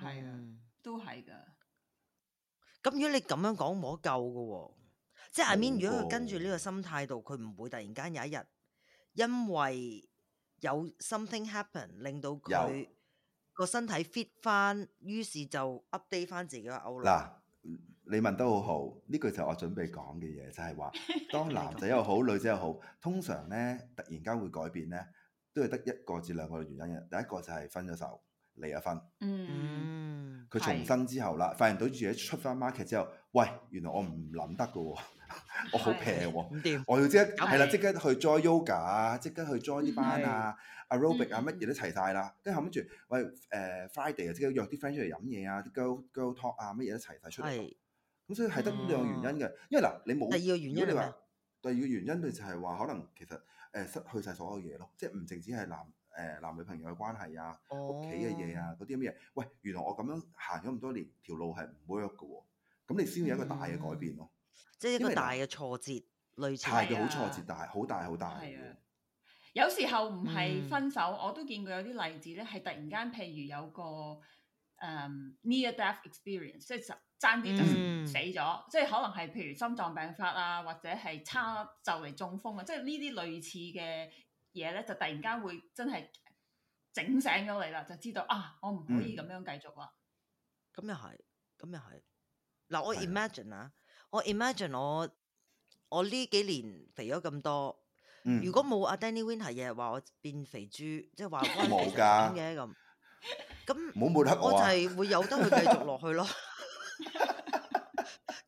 係啊。都係噶，咁如果你咁樣講冇得救噶，即係 I mean，如果佢跟住呢個心態度，佢唔會突然間有一日因為有 something happen 令到佢個身體 fit 翻，於是就 update 翻自己個 outlook。嗱，你問得好好，呢句就係我準備講嘅嘢就係話，當男仔又好，女仔又好，通常咧突然間會改變咧，都係得一個至兩個原因。第一個就係分咗手，離咗婚。嗯。佢重生之後啦，的發現到自己出翻 market 之後，喂，原來我唔諗得嘅喎， 我好平喎，的我要即刻係啦，即刻去 join yoga 去啊，即刻去 join 的呢班啊 a r o b i c 啊，乜嘢都齊晒啦。跟後尾住，喂，誒、呃、Friday 啊，即刻約啲 friend 出嚟飲嘢啊，啲 girl talk 啊，乜嘢都齊晒的出嚟。咁所以係得兩個原因嘅，嗯、因為嗱你冇，第如果你話第二個原因，咪就係話可能其實誒、呃、失去晒所有嘢咯，即係唔淨止係男。誒男女朋友嘅關係啊，屋企嘅嘢啊，嗰啲咩嘢？喂，原來我咁樣行咗咁多年條路係唔 work 嘅喎，咁你先有一個大嘅改變咯，即係一個大嘅挫折類似，大嘅好挫折，但係好大好大。係啊，有時候唔係分手，我都見過有啲例子咧，係突然間，譬如有個誒 near death experience，即係爭啲就死咗，即係可能係譬如心臟病發啊，或者係差就嚟中風啊，即係呢啲類似嘅。嘢咧、嗯、就突然間會真係整醒咗你啦，就知道啊，我唔可以咁樣繼續啦。咁又係，咁又係。嗱，我 imagine 啊，我 imagine 我我呢幾年肥咗咁多，嗯、如果冇阿 Danny Winter 係日日話我變肥豬，即係話的那我冇、啊、噶，咁冇抹黑我就係會有得去繼續落去咯。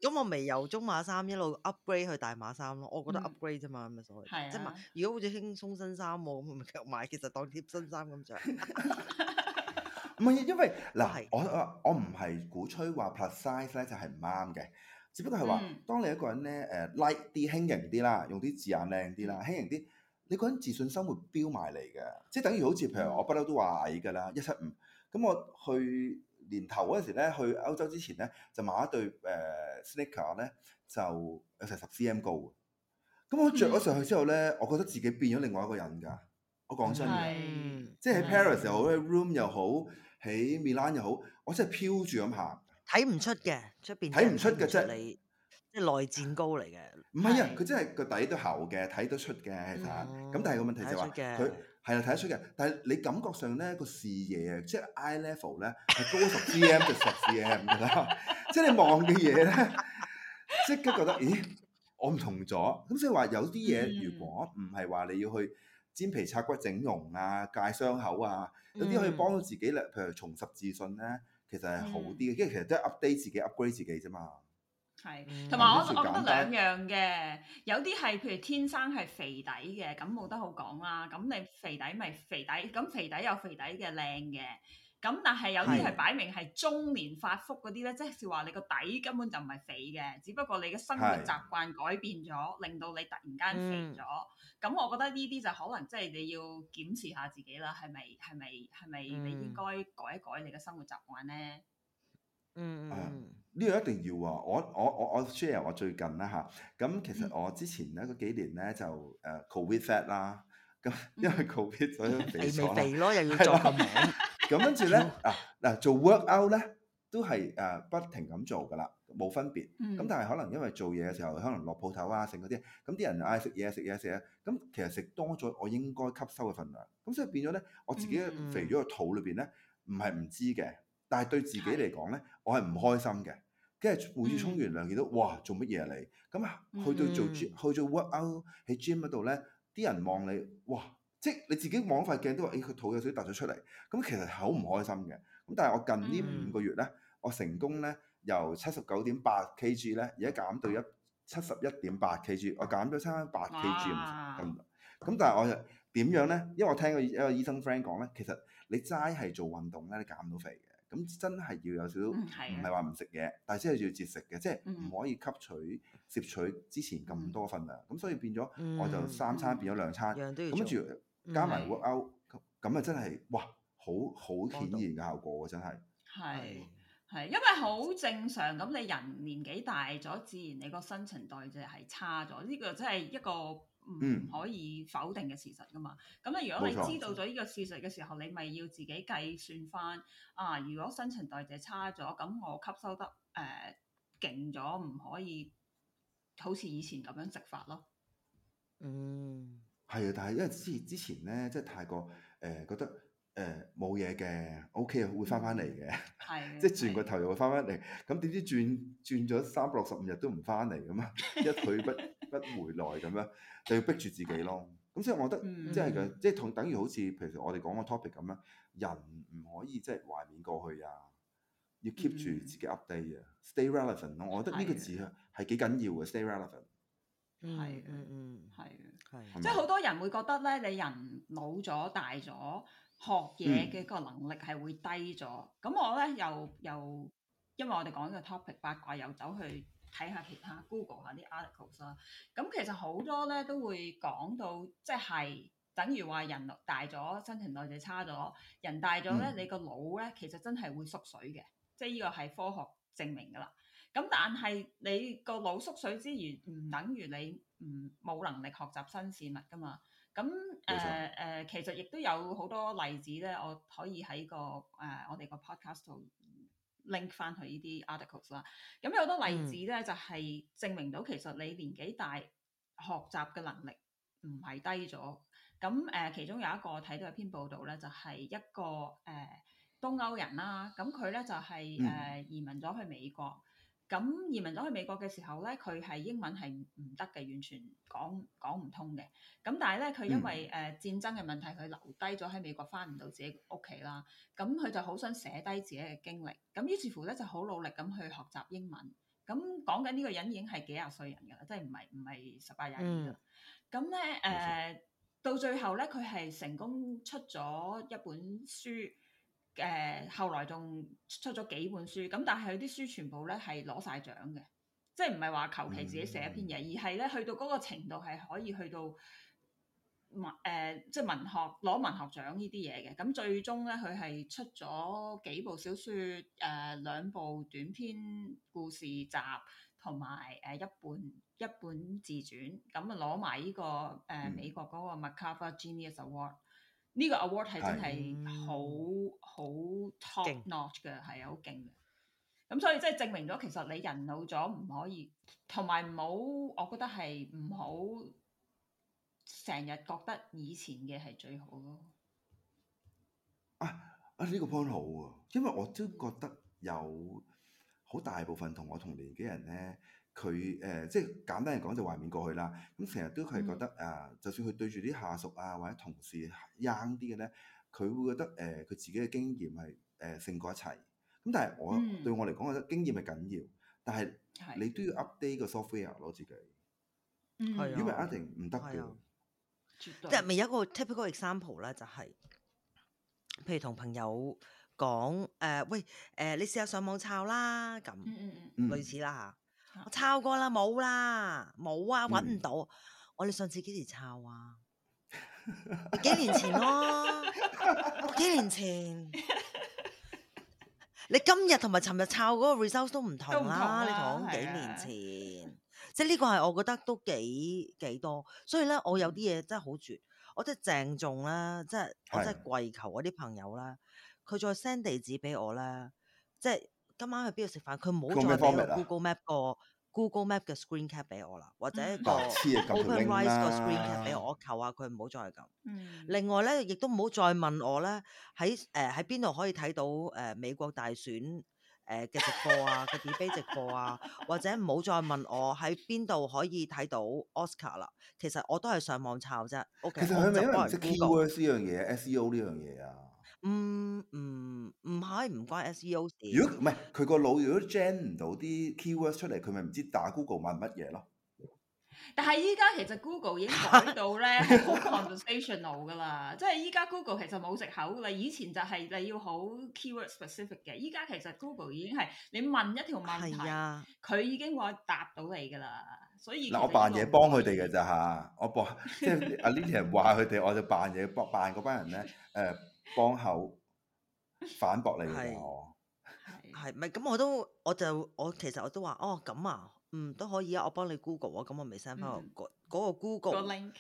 咁我未由中碼衫一路 upgrade 去大碼衫咯，我覺得 upgrade 啫嘛，有咩所謂？即係如果好似輕鬆身衫喎，咁咪購買，其實當貼身衫咁啫。唔 係， 因為嗱的，我我唔係鼓吹話 plus size 咧就係唔啱嘅，只不過係話，當你一個人咧誒 like 啲輕盈啲啦，用啲字眼靚啲啦，輕盈啲，你個人自信心會飆埋嚟嘅。即係等於好似譬如我不嬲都話矮㗎啦，一七五，咁我去，年頭嗰陣時咧，去歐洲之前咧，就買一對誒、呃、sneaker 咧，就有成十 cm 高。咁我着咗上去之後咧，嗯、我覺得自己變咗另外一個人㗎。我講真嘅，是即係喺 Paris 又好，喺 room 又好，喺 Milan 又好，我真係飄住咁行。睇唔出嘅，出邊睇唔出嘅啫，即係內戰高嚟嘅。唔係啊，佢的真係腳底都厚嘅，睇得出嘅其實？咁、嗯嗯、但係個問題就話佢。係啦，睇得出嘅。但係你感覺上咧，個視野，即係 eye level 咧係高十 cm 就十 cm 㗎啦。即係 你望嘅嘢咧，即刻覺得咦，我唔同咗。咁所以話有啲嘢，如果唔係話你要去煎皮拆骨整容啊、戒傷口啊，有啲可以幫到自己咧。譬、嗯、如重拾自信咧，其實係好啲嘅。跟住其實都係 update 自己、upgrade 自己啫嘛。係，同埋我、嗯、我覺得兩樣嘅，嗯、有啲係譬如天生係肥底嘅，咁冇得好講啦。咁你肥底咪肥底，咁肥底有肥底嘅靚嘅，咁但係有啲係擺明係中年發福嗰啲咧，是即係話你個底根本就唔係肥嘅，只不過你嘅生活習慣改變咗，是令到你突然間肥咗。咁、嗯、我覺得呢啲就可能即係你要檢視下自己啦，係咪係咪係咪你應該改一改你嘅生活習慣咧、嗯？嗯嗯。呢個一定要啊！我我我我 share 我最近啦吓，咁、啊、其實我之前咧嗰幾年咧就誒、呃、COVID fat 啦，咁因為 COVID 咗肥咗啦，係咪肥咯？又要做。咁跟住咧嗱嗱做 workout 咧都係誒不停咁做噶啦，冇分別。咁、嗯、但係可能因為做嘢嘅時候，可能落鋪頭啊，剩嗰啲，咁啲人嗌食嘢食嘢食嘢，咁其實食多咗我應該吸收嘅份量，咁、嗯嗯嗯、所以變咗咧我自己肥咗個肚裏邊咧唔係唔知嘅，但係對自己嚟講咧我係唔開心嘅。跟住每次沖完涼見到，哇！做乜嘢、啊、你？咁啊，去到做 gym、嗯、去到 work out 喺 gym 嗰度咧，啲人望你，哇！即係你自己望塊鏡都話，誒、哎，佢肚有少少凸咗出嚟。咁其實好唔開心嘅。咁但係我近呢五個月咧，我成功咧由七十九點八 kg 咧，而家減到一七十一點八 kg，我減咗差唔多八 kg 咁咁哇但係我又點樣咧？因為我聽過一個醫生 friend 講咧，其實你齋係做運動咧，你減唔到肥嘅。咁真係要有少少，唔係話唔食嘢，但係真係要節食嘅，即係唔可以吸取攝取之前咁多份量，咁、嗯、所以變咗我就三餐變咗兩餐，咁、嗯、跟住加埋 work out，咁咁啊真係哇，好好顯現嘅效果，真係。係。係，因為好正常，咁你人年紀大咗，自然你個新陳代謝係差咗，呢、這個真係一個唔可以否定嘅事實噶嘛。咁你、嗯、如果你知道咗呢個事實嘅時候，錯你咪要自己計算翻啊。如果新陳代謝差咗，咁我吸收得誒勁咗，唔、呃、可以好似以前咁樣食法咯。嗯，係啊，但係因為之之前咧，即係太過誒，覺得。誒冇嘢嘅，O K 啊，會翻翻嚟嘅，係即轉個頭又會翻翻嚟。咁點知轉轉咗三百六十五日都唔翻嚟咁啊？一去不不回來咁樣，就要逼住自己咯。咁所以我覺得即係嘅，即同等於好似譬如我哋講個 topic 咁啦，人唔可以即懷緬過去啊，要 keep 住自己 update 啊，stay relevant 咯。我覺得呢個字係幾緊要嘅，stay relevant。係啊，嗯，係啊，即係好多人會覺得咧，你人老咗大咗。學嘢嘅嗰個能力係會低咗，咁、嗯、我咧又又，因為我哋講呢個 topic 八卦，又走去睇下其他 Google 下啲 articles 啦。咁其實好多咧都會講到，即係等於話人大咗，新陳代謝差咗。人大咗咧，你個腦咧其實真係會縮水嘅，嗯、即係呢個係科學證明噶啦。咁但係你個腦縮水之餘，唔等於你唔冇能力學習新事物噶嘛。咁誒誒，其實亦都有好多例子咧，我可以喺個誒、呃、我哋個 podcast 度 link 翻去呢啲 articles 啦。咁有好多例子咧，嗯、就係證明到其實你年紀大，學習嘅能力唔係低咗。咁誒、呃，其中有一個睇到一篇報道咧，就係、是、一個誒、呃、東歐人啦、啊。咁佢咧就係、是、誒、嗯、移民咗去美國。咁移民咗去美國嘅時候咧，佢係英文係唔得嘅，完全講講唔通嘅。咁但係咧，佢因為誒、嗯呃、戰爭嘅問題，佢留低咗喺美國，翻唔到自己屋企啦。咁佢就好想寫低自己嘅經歷。咁於是乎咧，就好努力咁去學習英文。咁講緊呢個人已經係幾廿歲人㗎啦，即係唔係唔係十八廿二㗎啦。咁咧誒，到最後咧，佢係成功出咗一本書。誒、呃、後來仲出咗幾本書，咁但係佢啲書全部咧係攞晒獎嘅，即係唔係話求其自己寫一篇嘢，嗯嗯、而係咧去到嗰個程度係可以去到文誒、呃、即係文學攞文學獎呢啲嘢嘅。咁最終咧佢係出咗幾部小說，誒、呃、兩部短篇故事集，同埋誒一本一本自傳，咁啊攞埋呢個誒美國嗰個 MacArthur Genius Award。嗯嗯呢個 award 係真係是好好 top notch 嘅，係啊，好勁嘅。咁所以即係證明咗，其實你人老咗唔可以，同埋唔好，我覺得係唔好成日覺得以前嘅係最好咯、啊。啊啊！呢、呢個 point 好喎，因為我都覺得有好大部分同我同年紀人咧。佢誒、呃、即係簡單嚟講，就懷緬過去啦。咁成日都係覺得誒、呃，就算佢對住啲下屬啊或者同事 young 啲嘅咧，佢會覺得誒佢、呃、自己嘅經驗係誒、呃、勝過一切。咁但係我、嗯、對我嚟講，覺得經驗係緊要，但係你都要 update 個 software 囉自己，因為一定唔得嘅，嗯、即係咪有一個 typical example 咧、就是，就係譬如同朋友講誒、呃，喂誒、呃，你試下上網抄啦，咁、嗯嗯、類似啦嚇。我抄過啦，冇啦，冇、嗯、啊，揾唔到。我哋上次幾時抄啊？幾年前咯， 幾年前。你今日同埋尋日抄嗰個 result 都唔同啦。你同幾年前，啊、即係呢個係我覺得都幾幾多。所以咧，我有啲嘢真係好絕。我真係鄭重啦、啊，即係我真係跪求我啲朋友啦、啊，佢是再 send 地址俾我啦，即係。今晚去邊度食飯？佢唔好再俾 Go、啊、Google Map 個 Google Map 嘅 screen cap 俾我啦，或者一個 OpenRice 個 screen cap 俾我，我求下佢唔好再咁。嗯、另外咧，亦都唔好再問我咧喺誒喺邊度可以睇到誒美國大選誒嘅直播啊，嘅 debate 直播啊，或者唔好再問我喺邊度可以睇到 Oscar 啦、啊。其實我都係上網抄啫。Okay，其實佢咪就係 Google 呢樣嘢，SEO 呢樣嘢啊。唔唔唔，可以唔關 SEO 事。如果唔係佢個腦，如果 gen 唔到啲 keywords 出嚟，佢咪唔知打 Google 問乜嘢咯。但係依家其實 Google 已經改到咧好 conversational 噶啦即係依家 Google 其實冇藉口噶啦。以前就係你要好 keyword specific 嘅，依家其實 Google 已經係你問一條問題，佢、哎、呀已經可以答到你噶啦。所以嗱，我扮嘢幫佢哋嘅咋吓？我扮即係阿 Lilian 話佢哋，我就扮嘢博扮班人咧，誒、呃。幫口反駁你我，係咪咁？我都我就我其實我都話哦咁啊，嗯都可以啊，我幫你 Google 啊，咁我咪 send 翻個 Google 個 Google 個 link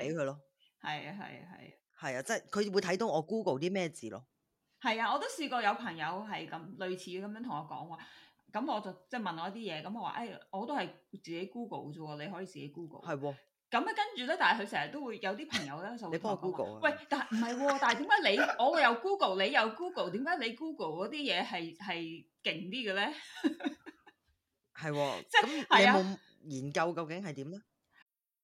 俾佢咯。係啊係啊係啊，係啊，即係佢會睇到我 Google 啲咩字咯。係啊，我都試過有朋友係咁類似咁樣同我講話，咁我就即係、就是、問我啲嘢，咁我話誒、哎，我都係自己 Google 啫喎，你可以自己 Google。係喎。咁啊，跟住咧，但係佢成日都會有啲朋友咧就會幫我 Google 話，喂，但係唔係喎，但係點解你我又 Google，你又 Google，點解你 Google 啲嘢係係勁啲嘅咧？係喎，即係咁有冇研究究竟係點咧？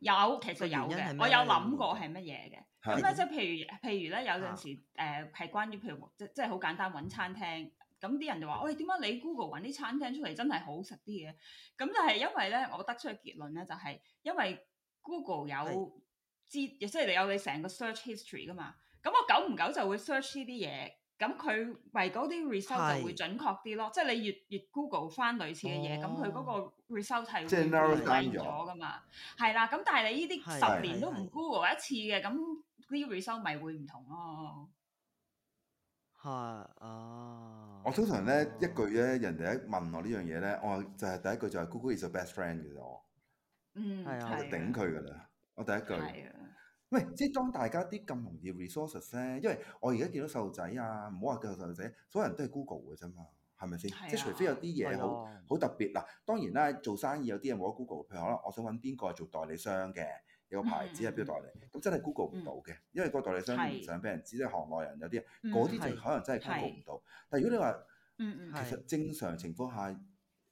有，其實有嘅，我有諗過係乜嘢嘅。咁咧，即係譬如譬如咧，有陣時誒係關於譬如即即係好簡單揾餐廳，咁啲人就話：喂、哎，點解你 Google 揾啲餐廳出嚟真係好食啲嘅？咁就係因為咧，我得出嘅結論咧就係，因為 Google 有知，亦的即係你有你成個 search history 噶嘛。咁我久唔久就會 search 呢啲嘢。咁佢為嗰啲 result 就會準確啲咯，是即係你越越 google 翻類似嘅嘢，咁佢嗰個 result 係會窄咗嘅嘛。係啦 generally.，咁但係你呢啲十年都唔 google 一次嘅，咁啲 result 咪會唔同咯。係啊，我通常咧一句咧，人哋一問我呢樣嘢咧，我就係第一句就係 Google is a best friend 嘅啫，我，嗯，係啊，我頂佢㗎啦，我第一句。喂，即係當大家啲咁容易 resources 咧，因為我而家見到細路仔啊，唔好話叫細路仔，所有人都係 Google 嘅啫嘛，係咪先？即係除非有啲嘢好好特別嗱，當然啦，做生意有啲嘢冇得 Google，譬如可能我想揾邊個做代理商嘅，有個牌子喺邊度代理，咁真係 Google 唔到嘅，因為個代理商唔想俾人知，即係行內人有啲嘢，嗰啲就可能真係 Google 唔到。但係如果你話，其實正常情況下，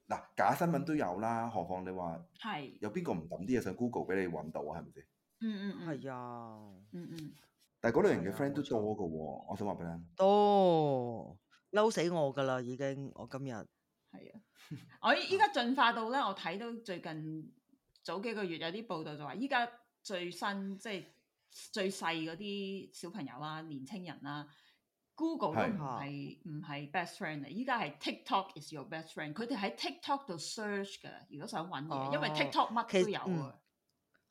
嗱假新聞都有啦，何況你話，係有邊個唔揼啲嘢想 Google 俾你揾到啊？係咪先？嗯嗯嗯，係啊呀，嗯嗯，但係嗰類人嘅 friend、嗯、都多噶，錯我想話俾你聽。多嬲、oh, 死我噶啦，已經我今日係啊呀 我依家進化到咧，我睇到最近早幾個月有啲報道就話，依家最新即係、就是、最細嗰啲小朋友啦、啊，年青人啦、啊、，Google 都唔係唔係 best friend 啊，依家係 TikTok is your best friend，佢哋喺 TikTok 度 search 噶，如果想搵嘢，啊、因為 TikTok 乜都有啊。嗯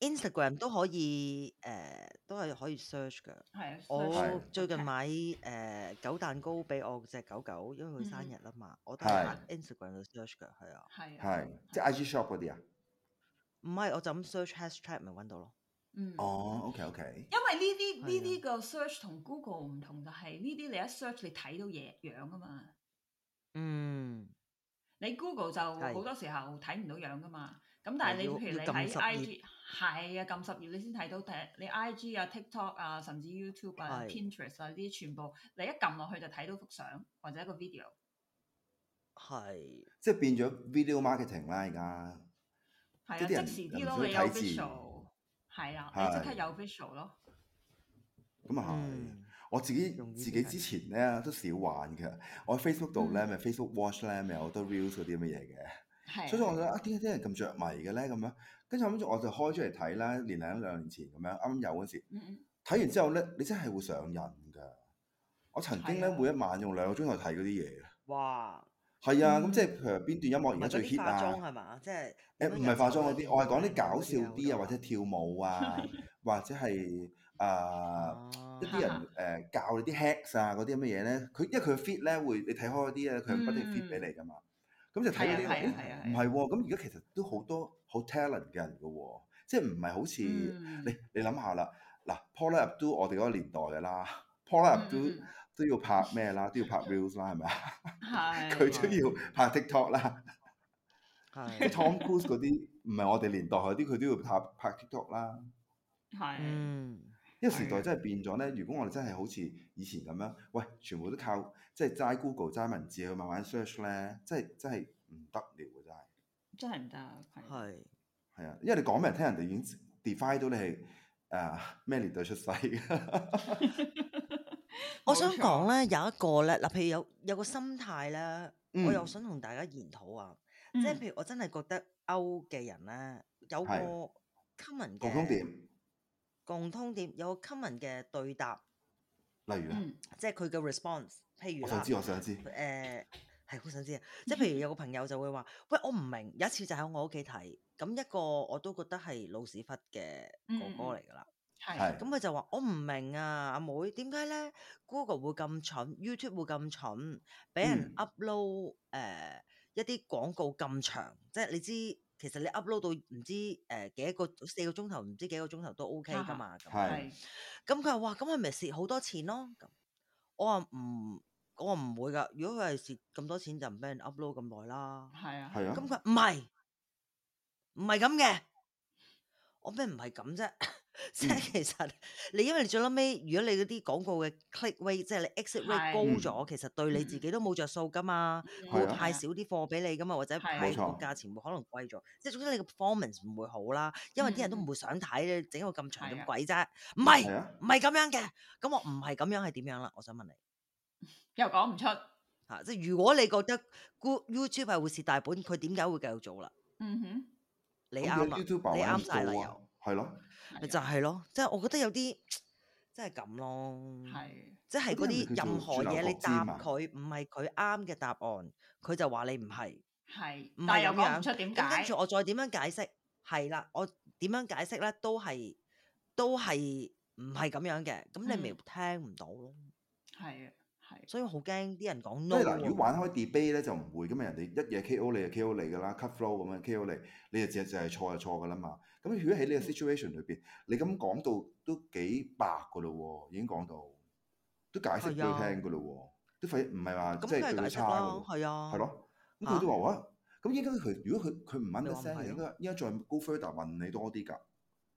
Instagram 都可以，誒都係可以 search 噶。係，我最近買誒狗蛋糕俾我隻狗狗，因為佢生日啦嘛，我睇下 Instagram 度 search 噶。係啊，係即係 I G shop 嗰啲啊？唔係，我就咁 search hashtag 咪揾到咯。嗯，哦，OK OK。因為呢啲呢啲個 search 同 Google 唔同，就係呢啲你一 search 你睇到嘢樣噶嘛。嗯，你 Google 就好多時候睇唔到樣噶嘛。咁但係你譬如你睇 I G。係啊，撳十頁你先睇到睇，你 I G 啊、TikTok 啊、甚至 YouTube 啊、的 Pinterest 啊呢啲全部，你一撳落去就睇到幅相或者一個 video。係的。即係變咗 video marketing 啦而家。係啊，的即時啲咯，你有 visual。係啦，即刻有 visual 咯。咁啊係，我自己、嗯、自己之前咧都少玩嘅，我喺 Facebook 度咧咪、嗯、Facebook Watch 咧咪好多 reels 啲乜嘢嘅。所以我就話啊，點解啲人咁着迷嘅咧？咁樣，跟住諗住，我就開出嚟睇啦。年零兩年前咁樣啱啱有嗰時，睇完之後咧，你真係會上癮㗎。我曾經咧，每一晚用兩個鐘頭睇嗰啲嘢。哇！係啊，咁即係譬如邊段音樂而家最 hit 啊？化妝係嘛？即係誒，唔係化妝嗰啲，我係講啲搞笑啲啊，或者跳舞啊，或者係啊，一啲人誒教你啲 hack 啊，嗰啲咁嘅嘢咧。佢因為佢 fit 咧會，你睇開嗰啲咧，佢不斷 fit 俾你㗎嘛。咁就睇你唔係喎，咁而家其實都好多好 talent 嘅人噶喎、哦，即係唔係好似、嗯、你你諗下啦，嗱，Paula Abdul 我哋嗰個年代噶啦，Paula、嗯、Abdul 都要拍咩啦，都要拍 reels 啦，係咪啊？佢都要拍 TikTok 啦。Tom Cruise 嗰啲唔係我哋年代嗰啲，佢、啊、 都要拍拍 TikTok 啦。係。個時代真係變咗咧。如果我哋真係好似以前咁樣，喂，全部都靠即係齋 Google、齋、就是、文字去慢慢 search 咧，即係即係唔得了㗎，真係真係唔得。係係啊，因為你講俾人聽，人哋已經 define 到你係誒咩年代出世。我想講咧有一個咧嗱，譬如有有個心態咧，我又想同大家研討啊，即係譬如我真係覺得歐嘅人咧有個 common 嘅點。 共通點有個 common 嘅對答，例如咧，即係佢嘅 response，譬如我想知，我想知，誒係好想知啊！ 即係譬如有個朋友就會話：喂，我唔明，有一次就喺我屋企睇，咁一個我都覺得係老屎忽嘅哥哥嚟㗎啦，係 咁佢就話我唔明啊，阿妹點解咧 Google 會咁蠢，YouTube 會咁蠢，俾人 upload 誒、 呃、一啲廣告咁長，即係你知。其實你 upload 到唔知誒、呃、幾多個四個鐘頭，唔知幾個鐘頭都 OK 噶嘛。係、啊。咁佢話：哇，咁係咪蝕好多錢咯？我話唔，我話唔會噶。如果佢係蝕咁多錢，就唔俾人 upload 咁耐啦。係啊，係啊、嗯。咁佢唔係，唔係咁嘅。我咩唔係咁啫？ 即係其實你，因為你最 last 尾，如果你嗰啲廣告嘅 click rate，即係你 exit rate 高咗，其實對你自己都冇着數噶嘛。會派少啲貨俾你噶嘛，或者派個價錢會可能貴咗。即係總之你個 performance 唔會好啦，因為啲人都唔會想睇咧，整個咁長咁貴啫。唔係唔係咁樣嘅，咁我唔係咁樣係點樣啦？我想問你，又講唔出吓。即係如果你覺得 YouTube 係會蝕大本，佢點解會繼續做啦？嗯哼，你啱啊，你啱晒啦，又係咯。咪就係咯，的即係我覺得有啲，即係咁咯，係的，即係嗰啲任何嘢的你答佢，唔係佢啱嘅答案，佢的就話你唔係，係的，唔係咁樣，但係又講唔出點解，跟住我再點樣解釋，係啦，我點樣解釋咧，都係，都係唔係咁樣嘅，咁你咪聽唔到咯，係啊、嗯。所以好驚啲人講 no。即係嗱，如果玩開 debate 咧就唔會，今日人哋一夜 KO 你就 KO 你噶啦 ，cut flow 咁樣 KO 你，你就只係只係錯就錯噶啦嘛。咁如果喺呢個 situation 裏邊，嗯、你咁講到都幾白噶咯，已經講到，經到都解釋俾佢聽噶咯，都費唔係話即係有啲差。係啊。係咯，咁佢都話哇，咁依家佢如果佢佢唔搵啲聲，是是啊、應該依家再 go further 問你多啲噶。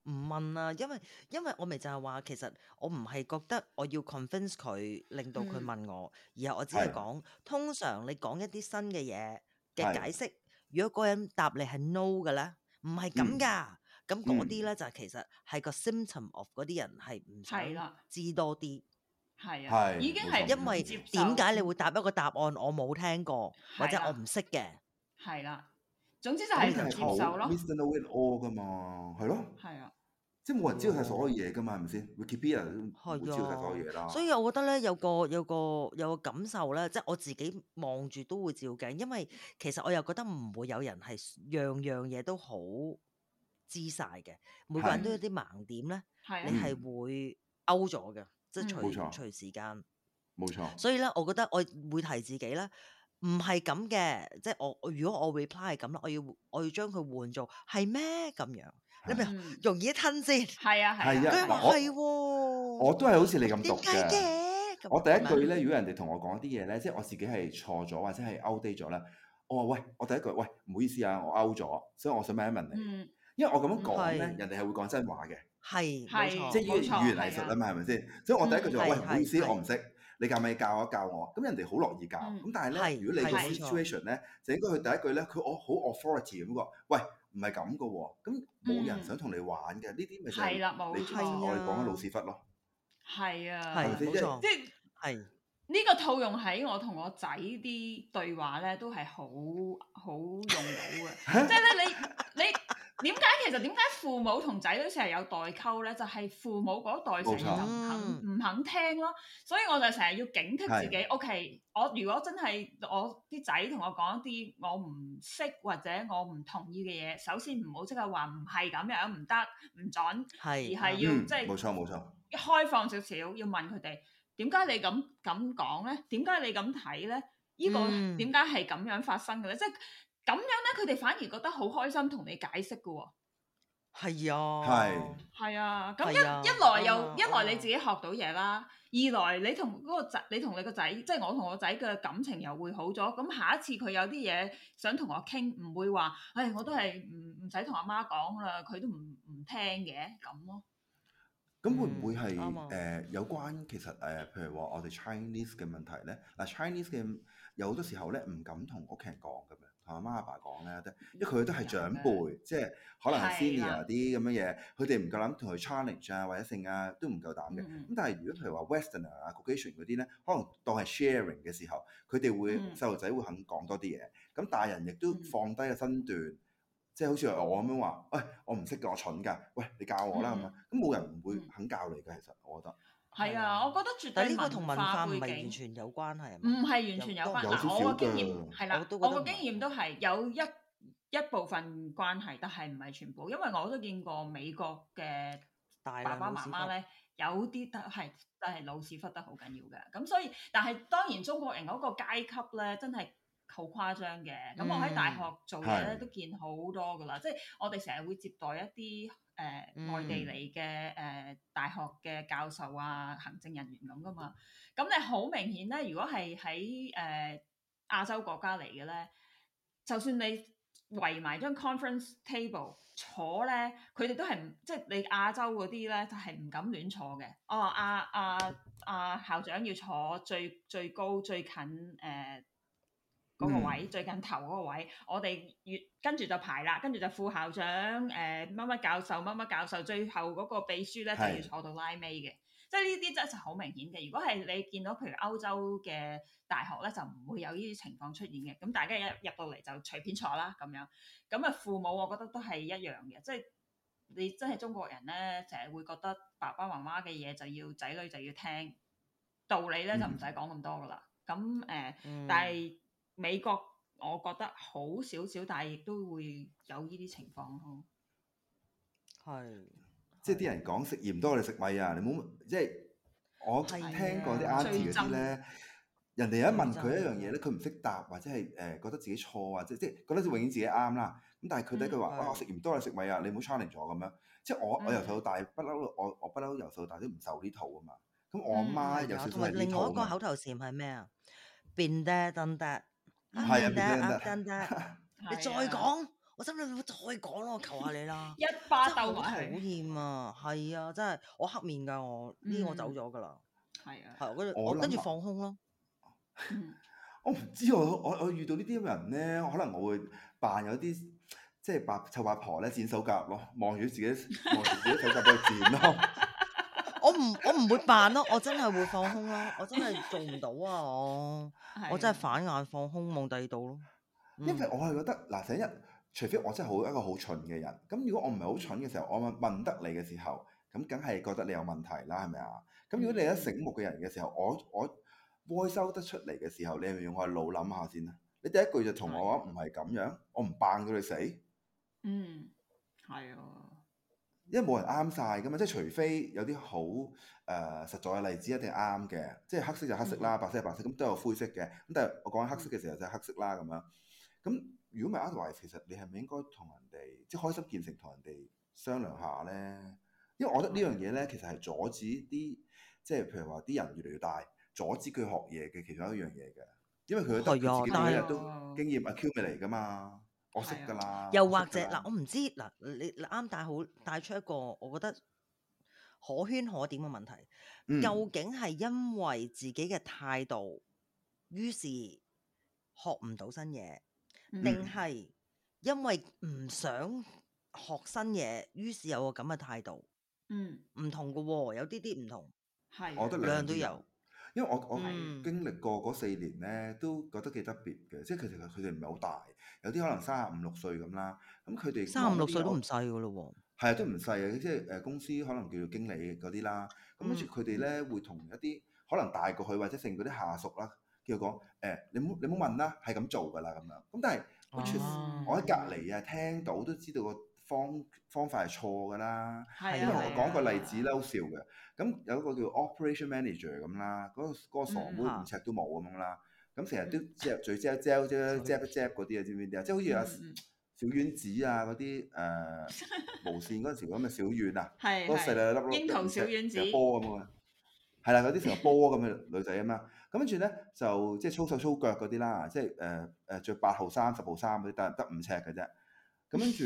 唔問啊，因為因為我咪就係話，其實我唔係覺得我要 convince 佢令到佢問我，而係我只係講，通常你講一啲新嘅嘢嘅解釋，如果個人答你係 no 嘅咧，唔係咁噶，咁嗰啲咧就其實係個 symptom of 嗰啲人係唔想知多啲，係啊，已經係因為點解你會答一個答案我冇聽過或者我唔識嘅，係啦。總之就係唔夠，miss the whole all 噶嘛，係咯，係啊，即係冇人知道曬所有嘢噶嘛，係咪先？Wikipedia 會知道曬所有嘢啦。所以我覺得咧，有個有個有個感受咧，即係我自己望住都會照鏡，因為其實我又覺得唔會有人係樣樣嘢都好知曬嘅，每個人都有啲盲點咧。係啊，你係會 out 咗嘅，即係隨隨時間。冇錯。所以咧，我覺得我會提自己咧。唔係咁嘅，即係我，如果我 reply 係咁啦，我要我要將佢換做係咩咁樣，你容易吞先。係啊係啊，係喎，我都係好似你咁讀嘅。我第一句咧，如果人哋同我講啲嘢咧，即係我自己係錯咗或者係 out date 咗咧，我話喂，我第一句喂，唔好意思啊，我 out 咗，所以我想問一問你，因為我咁樣講咧，人哋係會講真話嘅，係係即係語言藝術啊嘛，係咪先？所以我第一句就話喂，唔好意思，我唔識。你教咪教我教我，咁人哋好樂意教。咁但係咧，如果你個 situation 咧，就應該佢第一句咧，佢我好 authority 咁個，喂，唔係咁噶喎，咁冇人想同你玩嘅，呢啲咪就係嚟講，我哋講緊老屎忽咯。係啊，冇錯，即係呢個套用喺我同我仔啲對話咧，都係好好用到嘅。即係咧，你你。點解其實點解父母同仔女成日有代溝咧？就係、是、父母嗰代成日就唔肯唔、嗯、肯聽咯，所以我就成日要警惕自己。的 o、okay, K，我如果真係我啲仔同我講一啲我唔識或者我唔同意嘅嘢，首先唔好即係話唔係咁樣唔得唔準，的而係要、嗯、即係冇錯冇錯，開放少少，要問佢哋點解你咁咁講咧？點解你咁睇咧？呢、這個點解係咁樣發生嘅咧？即係。咁樣咧，佢哋反而覺得好開心，同你解釋㗎喎。係啊，係係啊。咁一、啊、一來又、啊、一來，你自己學到嘢啦；啊、二來你同、嗰個仔，你同你個仔，即、就、係、是、我同我仔嘅感情又會好咗。咁下一次佢有啲嘢想同我傾，唔會話誒、哎，我都係唔唔使同阿媽講啦，佢都唔唔聽嘅咁咯。咁、嗯、會唔會係誒、嗯呃、有關？其實誒、呃，譬如話我哋 Chinese 嘅問題咧，嗱、啊、Chinese 嘅有好多時候咧，唔敢同屋企人講咁樣。阿媽阿爸講咧都，因為佢都係長輩，的即係可能 senior 啲咁嘅嘢，佢哋唔夠膽同佢 challenge 啊或者性啊都唔夠膽嘅。咁的但係如果譬如話 western education 嗰啲咧，可能當係 sharing 嘅時候，佢哋會細路仔會肯講多啲嘢。咁大人亦都放低個身段，即係好似我咁樣話，喂、哎，我唔識㗎，我蠢㗎，喂，你教我啦，係咪、嗯？咁冇、嗯、人唔會肯教你㗎。其實我覺得。係啊，的我覺得絕對。但係呢個同文化背景完全有關係。唔係完全有關，嗱，我個經驗係啦，嗯、的我個經驗都係有一一部分關係，但係唔係全部，因為我都見過美國嘅爸爸媽媽咧，有啲都係都係老屎忽得好緊要嘅。咁所以，但係當然中國人嗰個階級咧，真係好誇張嘅。咁、嗯、我喺大學做嘢咧，都見好多噶啦，即係的我哋成日會接待一啲。誒外、呃嗯、地嚟嘅誒大學嘅教授啊，行政人員咁噶嘛，咁你好明顯咧，如果係喺誒亞洲國家嚟嘅咧，就算你圍埋張 conference table 坐咧，佢哋都係唔，即係你亞洲嗰啲咧，就係、是、唔敢亂坐嘅。哦，阿阿阿校長要坐最最高最近誒。呃嗰個位最近頭嗰個位，我哋越跟住就排啦，跟住就副校長，誒乜乜教授，乜乜教授，最後嗰個秘書咧就要坐到拉尾嘅，是即係呢啲真係好明顯嘅。如果係你見到譬如歐洲嘅大學咧，就唔會有呢啲情況出現嘅。咁大家一入到嚟就隨便坐啦咁樣。咁啊父母，我覺得都係一樣嘅，即係你真係中國人咧，就係會覺得爸爸媽媽嘅嘢就要仔女就要聽道理咧，就唔使講咁多噶啦。咁誒、嗯，但係。呃嗯美國我覺得好少少，但係亦都會有呢啲情況咯。係，即係啲人講食鹽多，你食米啊！你冇即係我聽過啲阿爺阿叔咧，人哋一問佢一樣嘢咧，佢唔識答，或者係誒、呃、覺得自己錯，或者即係覺得永遠自己啱啦。咁但係佢第一句話：我的、哦、食鹽多，你食米啊！你唔好 challenge 咗咁樣。即係我的我由細到大，不嬲，我我不嬲由細到大都唔受呢套啊嘛。咁我阿媽有少少係呢個。另外一個口頭禪係咩啊？Be t 唔得得得，你再講，我心裏會再講咯，我求下你啦。一巴斗好討厭啊！係啊，真係我黑面噶，我呢我走咗噶啦，係啊，係我跟住放空咯。我唔知我我我遇到呢啲咁人咧，可能我會扮有啲即係白湊阿婆咧剪手甲咯，望住自己望住自己手甲俾佢剪咯。 我唔會扮咯，我真係會放空咯，我真係做唔到啊！我，我真係反眼放空望第二度咯。 因為我係覺得嗱，第一，除非我真係好一個好蠢嘅人，咁如果我唔係好蠢嘅時候，我問問得你嘅時候，咁梗係覺得你有問題啦，係咪啊？咁如果你係一醒目嘅人嘅時候，我我哀收得出嚟嘅時候，你咪用我腦諗下先啦。你第一句就同我話唔係咁樣，我唔扮佢哋死！ 嗯，係啊。因為冇人啱晒，㗎嘛，即係除非有啲好誒、呃、實在嘅例子一定啱嘅，即係黑色就黑色啦，嗯、白色係白色，咁都有灰色嘅。咁但係我講黑色嘅時候就係黑色啦咁樣。咁如果唔係阿偉，其實你係咪應該同人哋即係開心見誠同人哋商量下咧？因為我覺得呢樣嘢咧，其實係阻止啲即係譬如話啲人越嚟越大，阻止佢學嘢嘅其中一樣嘢嘅。因為佢嘅自己都經驗 accumulate 嚟㗎嘛。我識噶啦，又或者嗱，我唔知嗱，你你啱帶好帶出一個我覺得可圈可點嘅問題，嗯、究竟係因為自己嘅態度，於是學唔到新嘢，定係、嗯、因為唔想學新嘢，於是有個咁嘅態度，嗯，唔同噶喎、哦，有啲啲唔同，係的，我兩樣都有。因為我、嗯、我經歷過嗰四年咧，都覺得幾特別嘅，即係其實佢哋唔係好大，有啲可能三十五六歲咁啦，咁佢哋三十五六歲都唔細噶咯喎，係啊都唔細啊，即係誒公司可能叫做經理嗰啲啦，咁跟住佢哋咧會同一啲可能大過去或者成嗰啲下屬啦，叫佢講誒你唔好你唔好問啦，係咁做㗎啦咁樣，咁但係、啊、我全我喺隔離啊聽到都知道個方方法係錯㗎啦，因為我講個例子好笑嘅。咁有一個叫 Operation Manager 咁啦，嗰個傻妹五尺都冇咁樣啦。咁成日都 jump jump j 嗰啲啊，知唔知啊？即係好似阿小丸子啊嗰啲誒無線嗰陣時咁嘅小丸啊，嗰細細粒櫻桃小丸子波咁啊，係啦，嗰啲成個波咁嘅女仔吖嘛。咁跟住咧就即係粗手粗腳嗰啲啦，即係誒誒著八號衫十號衫嗰啲，但得五尺嘅啫。咁跟住，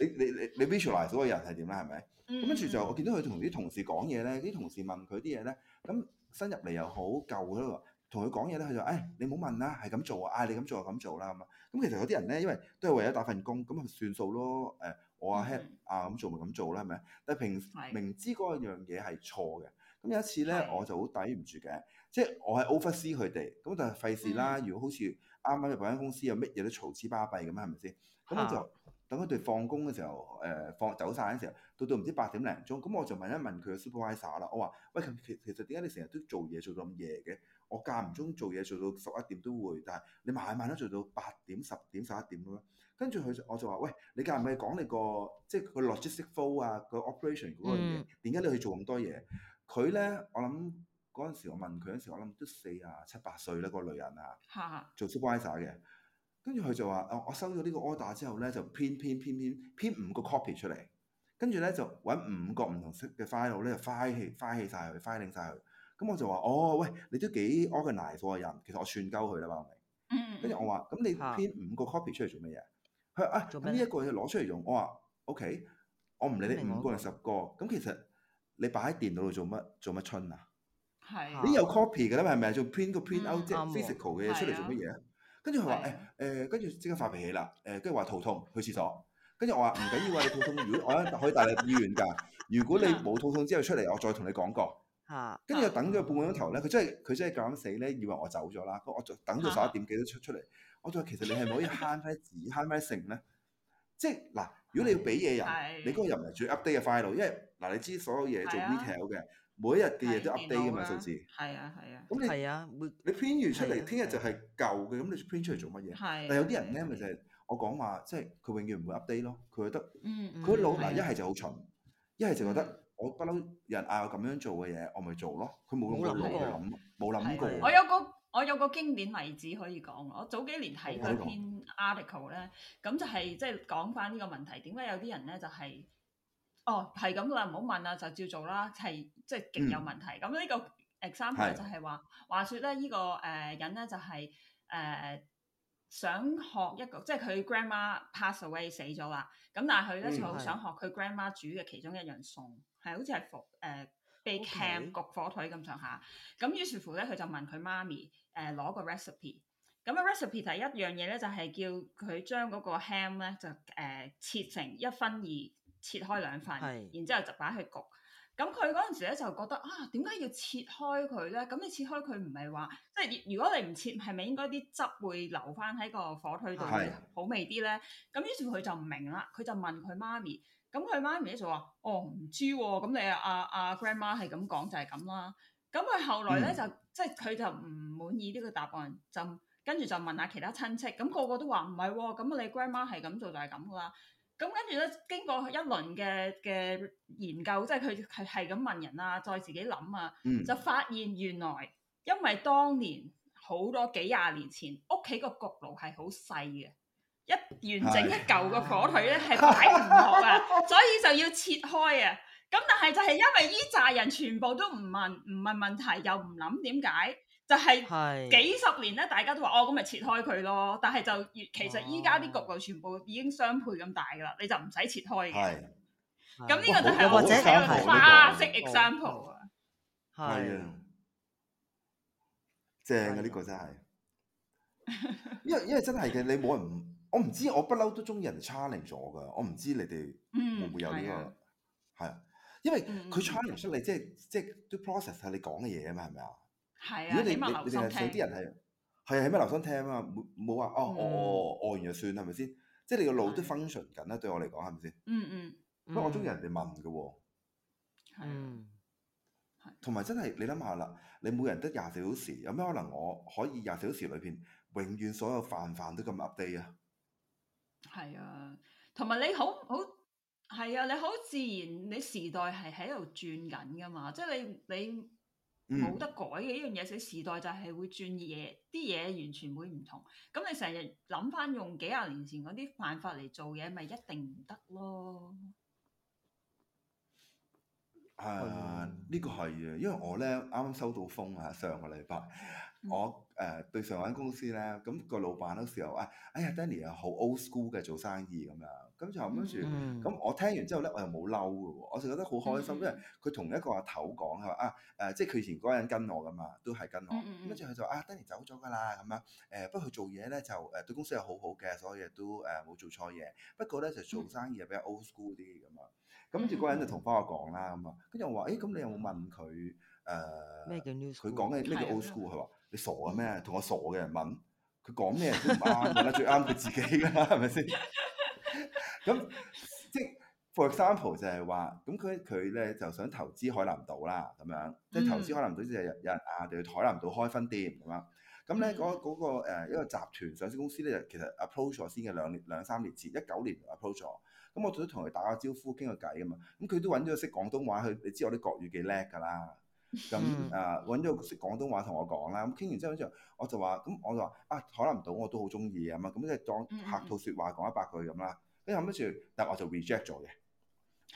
你你你 visualize 嗰個人係點咧？係咪？咁跟住就我見到佢同啲同事講嘢咧，啲同事問佢啲嘢咧，咁新入嚟又好舊嗰度，同佢講嘢咧，佢就誒、哎、你唔好問啦，係咁做啊，你咁做就咁做啦，咁啊，咁其實有啲人咧，因為都係為咗打份工，咁咪算數咯。誒、呃，我阿 head 啊咁、嗯啊、做咪咁做啦，係咪？但係平的明知嗰樣嘢係錯嘅。咁有一次咧，的我就好抵唔住嘅，即係我係 oversee 佢哋，咁但係費事啦。如果好似啱啱入辦公司又乜嘢都嘈枝巴閉咁啊，係咪先？咁我就～、嗯等佢哋放工嘅時候，誒、呃、放走晒嘅時候，到到唔知八點零鐘，咁我就問一問佢嘅 supervisor 啦。我話：喂，其其實點解你成日都做嘢做到咁夜嘅？我間唔中做嘢做到十一點都會，但係你慢慢都做到八點、十點、十一點咁咯。跟住佢我就話：喂，你間唔係講你個即係個 logistic flow 啊，個 operation 嗰個嘢？點解、嗯、你去做咁多嘢？佢咧，我諗嗰陣時我問佢嗰時，我諗都四啊七八歲啦，個女人啊，做 supervisor 嘅。跟住佢就話：我我收咗呢個 order 之後咧，就編編編編編五個 copy 出嚟，跟住咧就揾五個唔同色嘅 file 咧就 file 起 file 起晒佢，file 領曬佢。咁我就話：哦，喂，你都幾 organize 個人，其實我串鳩佢啦，嘛。」跟住我話：咁、嗯、你編五個 copy 出嚟做乜嘢？佢、嗯、啊，呢一個要攞出嚟用。我話：O.K.，我唔理你五個定十個，咁、那個、其實你擺喺電腦度做乜做乜春啊？係、嗯。嗯、你有 copy 㗎啦，係咪？做 print 個 print out 即係 physical 嘅嘢出嚟做乜嘢？嗯嗯嗯嗯嗯嗯跟住佢話誒誒，跟住即刻發脾氣啦！誒、呃，跟住話肚痛，去廁所。跟住我話唔緊要啊，你肚痛，如果我咧可以帶你醫院㗎。如果你冇肚痛之後出嚟，我再同你講過。嚇！跟住又等咗半個鐘頭咧，佢真係佢真係咁死咧，以為我走咗啦。我就等到十一點幾都出出嚟。的我話其實你係咪可以慳翻紙，慳翻成咧。即係嗱，如果你要俾嘢人，的你嗰個人唔係最 update 嘅 file，因為嗱你知所有嘢做 retail 嘅。的每一日嘅嘢都 update 嘅嘛，數字。係啊係啊。咁你你 print 完出嚟，聽日就係舊嘅，咁你 print 出嚟做乜嘢？係。但有啲人咧，咪就係我講話，即係佢永遠唔會 update 咯，佢覺得，佢腦嗱一係就好蠢，一係就覺得我不嬲人嗌我咁樣做嘅嘢，我咪做咯，佢冇諗過諗，冇諗過。我有個我有個經典例子可以講，我早幾年睇嗰篇 article 咧，咁就係即係講翻呢個問題，點解有啲人咧就係。哦，係咁啦，唔好問啦，就照做啦，係即係極有問題。咁呢個 example 就係、是、話，話説咧，呢個誒人咧就係誒想學一個，即係佢 grandma pass away 死咗啦。咁但係佢咧就好想學佢 grandma 煮嘅其中一樣餸，係、嗯、好似係火誒 ham 焗火腿咁上下。咁於是乎咧，佢就問佢媽咪誒攞個 recipe。咁、那、啊、個、recipe 第一樣嘢咧，就係、是、叫佢將嗰個 ham 咧就誒、呃、切成一分二。切開兩份，的然之後就擺去焗。咁佢嗰陣時咧就覺得啊，點解要切開佢咧？咁你切開佢唔係話即係如果你唔切，係咪應該啲汁會留翻喺個火腿度，好的味啲咧？咁於是佢就唔明啦，佢就問佢媽咪。咁佢媽咪咧就話：哦，唔知喎、哦。咁你阿、啊、阿、啊啊、grandma 係咁講就係咁啦。咁佢後來咧、嗯、就即係佢就唔滿意呢個答案，就跟住就問下其他親戚。咁、那個個都話唔係喎。咁、哦、你 grandma 係咁做就係咁噶啦。咁跟住咧，經過一輪嘅嘅研究，即係佢佢係咁問人啊，再自己諗啊，嗯、就發現原來因為當年好多幾廿年前屋企個焗爐係好細嘅，一完整一嚿嘅火腿咧係擺唔落啊， 所以就要切開啊。咁但係就係因為呢紮人全部都唔問唔問問題，又唔諗點解。就係幾十年咧，大家都話哦，咁咪切開佢咯。但係就其實依家啲局就全部已經雙倍咁大噶啦，你就唔使切開嘅。係，咁呢個就係或者睇嘅花式 example 啊。係啊，正啊！呢個真係，因為因為真係嘅，你冇人，我唔知我，我不嬲都中意人 challenge 咗噶，我唔知你哋會唔會有呢、這個，係、嗯、啊，因為佢 challenge 出嚟，即係即係都 process 下你講嘅嘢啊嘛，係咪啊？如果你聽你你係想啲人係係喺咩留心聽啊，冇冇話哦、嗯、哦哦、呃、完就算係咪先？即係你個腦都 function 緊啦，嗯、對我嚟講係咪先？嗯嗯。因為我中意人哋問嘅喎。係同埋真係你諗下啦，你每人都廿四小時，有咩可能我可以廿四小時裏邊永遠所有範範都咁 update 啊？係啊、嗯，同、嗯、埋、嗯、你好好係啊，你好自然，你時代係喺度轉緊㗎嘛，即係你你。你你嗯，冇得改嘅呢樣嘢，時代就係會轉嘢，啲嘢完全會唔同。咁你成日諗翻用幾廿年前啲辦法嚟做嘢，咪一定唔得咯。Uh 呢個係啊，因為我咧啱啱收到風啊，上個禮拜、嗯、我誒、呃、對上間公司咧，咁、咁個老闆嗰時候啊，哎呀 Danny 啊，好 old school 嘅做生意咁樣，咁就咁跟住，咁我聽完之後咧，我又冇嬲㗎喎，我就覺得好開心，嗯、因為佢同一個阿頭講佢話啊誒、呃，即係佢以前嗰個人跟我噶嘛，都係跟我，跟住佢就啊 Danny 走咗㗎啦，咁樣誒、呃，不過佢做嘢咧就誒對、呃、公司係好好嘅，所以都誒冇、呃呃、做錯嘢，不過咧就做生意又比較 old school 啲咁啊。跟住嗰人就同返我講啦，咁啊，跟住我話：誒，咁你有冇問佢？誒，咩叫 news？佢講嘅咩叫 old school？佢話：你傻嘅咩？同我傻嘅人問，佢講咩都唔啱，問得 最啱佢自己㗎啦，係咪先？咁 即係 for example 就係話，咁佢佢咧就想投資海南島啦，咁樣即係投資海南島，即係有人、嗯、啊，去海南島開分店咁樣。咁咧嗰嗰個、嗯那個那個、一個集團上市公司咧，就其實 approach 咗先嘅兩兩三年前，一九年 approach 咗。咁我、嗯、都同佢打個招呼傾個偈啊嘛，咁佢、嗯、都揾咗識廣東話，佢你知我啲國語幾叻㗎啦，咁啊揾咗識廣東話同我講啦，咁傾完之後我，我就話咁、啊、我、嗯嗯嗯、就話啊海南島我都好中意啊嘛，咁即係當客套説話講一百句咁啦，跟住乜住，但我就 reject 咗嘅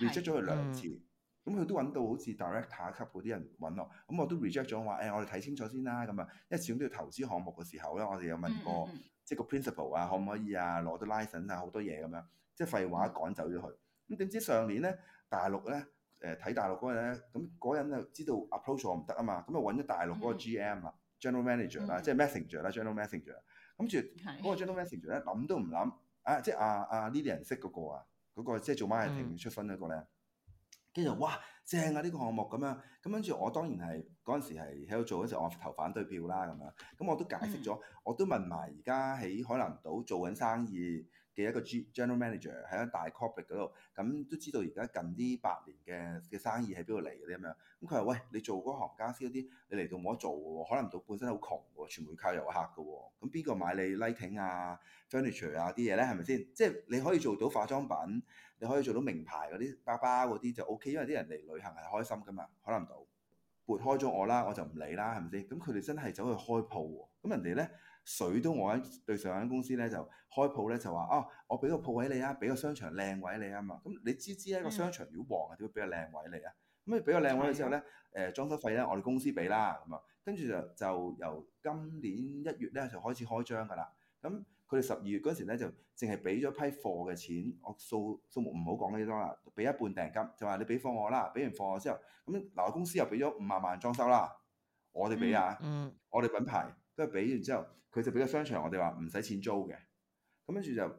，reject 咗佢兩次，咁、嗯、佢都揾到好似 director 級嗰、like、啲人揾我，咁我都 reject 咗話誒我哋睇清楚先啦咁啊，因為始終都要投資項目嘅時候咧，我哋有問過 1,、嗯嗯、即係個 principle 啊可唔可以啊攞啲 license 啊好多嘢咁樣。即係廢話，趕走咗佢。咁點知上年咧，大陸咧，誒、呃、睇大陸嗰人咧，咁嗰人就知道 approach 我唔得啊嘛。咁啊揾咗大陸嗰個 GM 啦、mm hmm.，general manager 啦，即係 messenger 啦，general messenger 咁住嗰個 general messenger 咧，諗都唔諗啊！即係阿阿 Lilian 識嗰個啊，嗰個即係做 marketing 出身嗰、嗰個咧。跟住、mm hmm. 哇，正啊！呢、呢個項目咁樣。咁跟住我當然係嗰陣時係喺度做嗰陣時，我投反對票啦咁樣。咁我都解釋咗，mm hmm. 我都問埋而家喺海南島做緊生意。係一個 general manager 喺間大 c o p i c 嗰度，咁都知道而家近啲八年嘅嘅生意喺邊度嚟嘅咁樣。咁佢話：喂，你做嗰行家私嗰啲，你嚟到冇得做喎。海南島本身好窮喎，全部靠遊客嘅喎。咁邊個買你 lighting、like、啊、furniture 啊啲嘢咧？係咪先？即係你可以做到化妝品，你可以做到名牌嗰啲包包嗰啲就 OK，因為啲人嚟旅行係開心㗎嘛。海南島撥開咗我啦，我就唔理啦，係咪先？咁佢哋真係走去開鋪喎。咁人哋咧。水都我喺對上間公司咧，就開鋪咧，就話啊、哦，我俾個鋪位你啊，俾個商場靚位你啊嘛。咁你知唔知咧個商場如果旺點會俾個靚位你啊？咁你俾個靚位之後咧，誒、呃、裝修費咧我哋公司俾啦咁啊。跟住就就由今年一月咧就開始開張噶啦。咁佢哋十二月嗰時咧就淨係俾咗批貨嘅錢，我數數目唔好講幾多啦，俾一半訂金，就話你俾貨我啦，俾完貨我之後，咁嗱我公司又俾咗五萬萬裝修啦，我哋俾啊，嗯嗯、我哋品牌。跟住俾完之後，佢就俾個商場，我哋話唔使錢租嘅。咁跟住就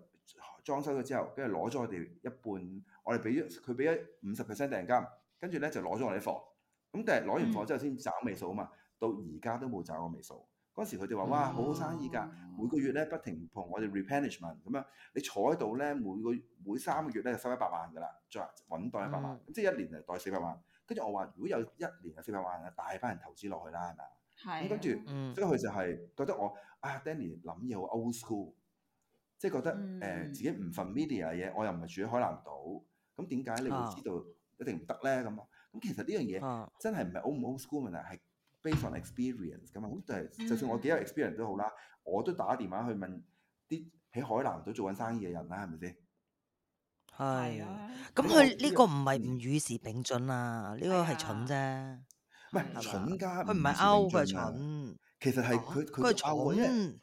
裝修咗之後，跟住攞咗我哋一半，我哋俾咗佢俾一五十 percent 訂金，跟住咧就攞咗我哋嘅貨。咁但係攞完貨之後先找尾數啊嘛，到而家都冇找我尾數。嗰時佢哋話：哇，好好生意㗎，每個月咧不停同我哋 replenishment 咁樣，你坐喺度咧每個月每三個月咧就收一百萬㗎啦，再揾袋一百萬，嗯、即係一年就袋四百萬。跟住我話：如果有一年就四百萬，大班人投資落去啦，係咪？咁跟住，嗯、即係佢就係覺得我啊，Danny 諗嘢好 old school，即係覺得誒、嗯呃、自己唔 familiar 嘢，我又唔係住喺海南島，咁點解你會知道一定唔得咧？咁咁、啊、其實呢樣嘢真係唔係 old 唔 old school 問題，啊，係 based on experience 咁啊！咁就算我幾有 experience 都好啦，嗯、我都打電話去問啲喺海南島做緊生意嘅人啦，係咪先？係啊，咁佢呢個唔係唔與時並進啊，呢、啊、個係蠢啫。唔係蠢㗎，佢唔係 out，佢係蠢。其實係佢佢係蠢。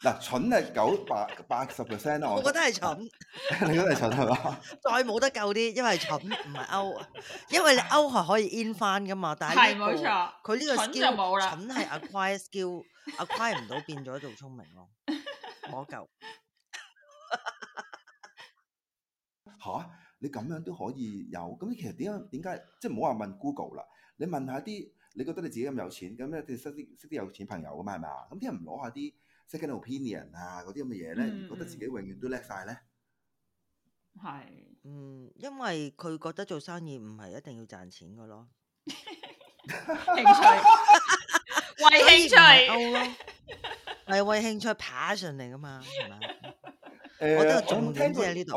嗱，蠢係九百八十 percent 啦。我覺得係蠢。你覺得係蠢係嘛？再冇得救啲，因為蠢唔係 out，因為你 out 係可以 in 翻噶嘛。但係，係冇錯。佢呢個 skill，蠢就冇啦。蠢係 acquire skill，acquire 唔到變咗做聰明咯，冇得救，吓。你咁樣都可以有，咁其實點樣點解？即係唔好話問 Google 啦。你問下啲，你覺得你自己咁有錢，咁咧識啲識啲有錢朋友啊嘛，係嘛？咁啲人唔攞下啲 second opinion 啊，嗰啲咁嘅嘢咧，嗯、覺得自己永遠都叻晒咧。係，嗯，因為佢覺得做生意唔係一定要賺錢嘅咯 興趣，為興趣 咯，係為興趣爬上嚟噶嘛。誒，呃、我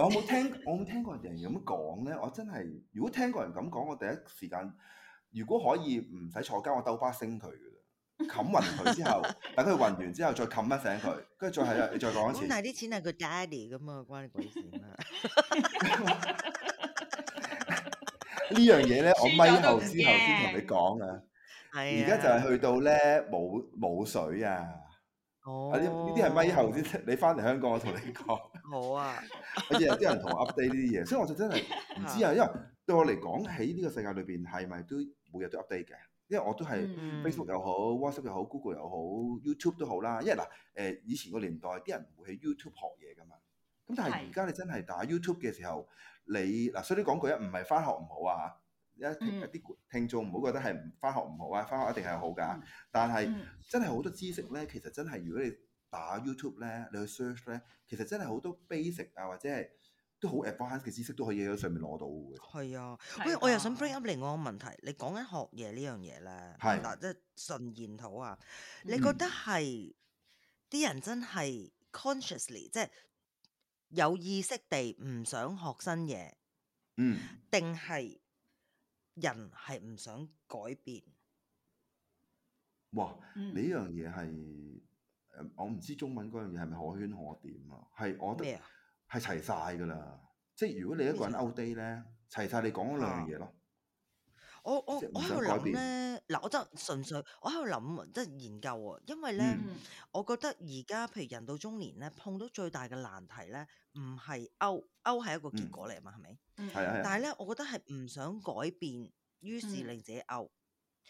冇聽，我冇聽過人哋咁講咧。我真係如果聽過人咁講，我第一時間。如果可以唔使坐監，我兜巴星佢㗎喇，冚暈佢之後，等佢暈完之後再冚一醒佢，跟住再係咧，你再講一次。但啊啲錢係佢爹哋㗎嘛，關你鬼事啊！ 事呢樣嘢咧，我咪後之後先同你講啊。係。而家就係去到咧冇冇水啊。哦、oh.。呢啲係咪後先？你翻嚟香港我， oh. 日日我同你講。好啊。有啲人同我 update 呢啲嘢，所以我就真係唔知啊。 因為對我嚟講，喺呢個世界裏邊係咪都～每日都 update 嘅，因為我都係 Facebook 又好、嗯、WhatsApp 又好，Google 又好，YouTube 都好啦。因為嗱，誒、呃、以前個年代啲人唔會喺 YouTube 學嘢噶嘛，咁但係而家你真係打 YouTube 嘅時候，你嗱，所以啲講句咧，唔係返學唔好啊，一啲、嗯、聽眾唔好覺得係返學唔好啊，返學一定係好噶。但係真係好多知識咧，其實真係如果你打 YouTube 咧，你去 search 咧，其實真係好多 basic 啊，或者係。都好 advance 嘅知識都可以喺上面攞到嘅。係啊，喂，的我又想 bring up 另外一個問題，你講緊學嘢呢樣嘢咧。係嗱是，即係純然討啊，你覺得係啲、嗯、人真係 consciously，即係有意識地唔想學新嘢，嗯，定係人係唔想改變？哇！呢樣嘢係誒，我唔知中文嗰樣嘢係咪可圈可點啊？係，我覺得。係齊晒噶啦，即係如果你一個人 outdate 咧，齊晒你講嗰兩樣嘢咯。我我我喺度諗咧，嗱，我真係純粹我喺度諗即係研究喎，因為咧、嗯、我覺得而家譬如人到中年咧，碰到最大嘅難題咧，唔係 out，out 係一個結果嚟啊嘛，係咪？嗯，係啊、嗯、但係咧，我覺得係唔想改變，於是令自己 out、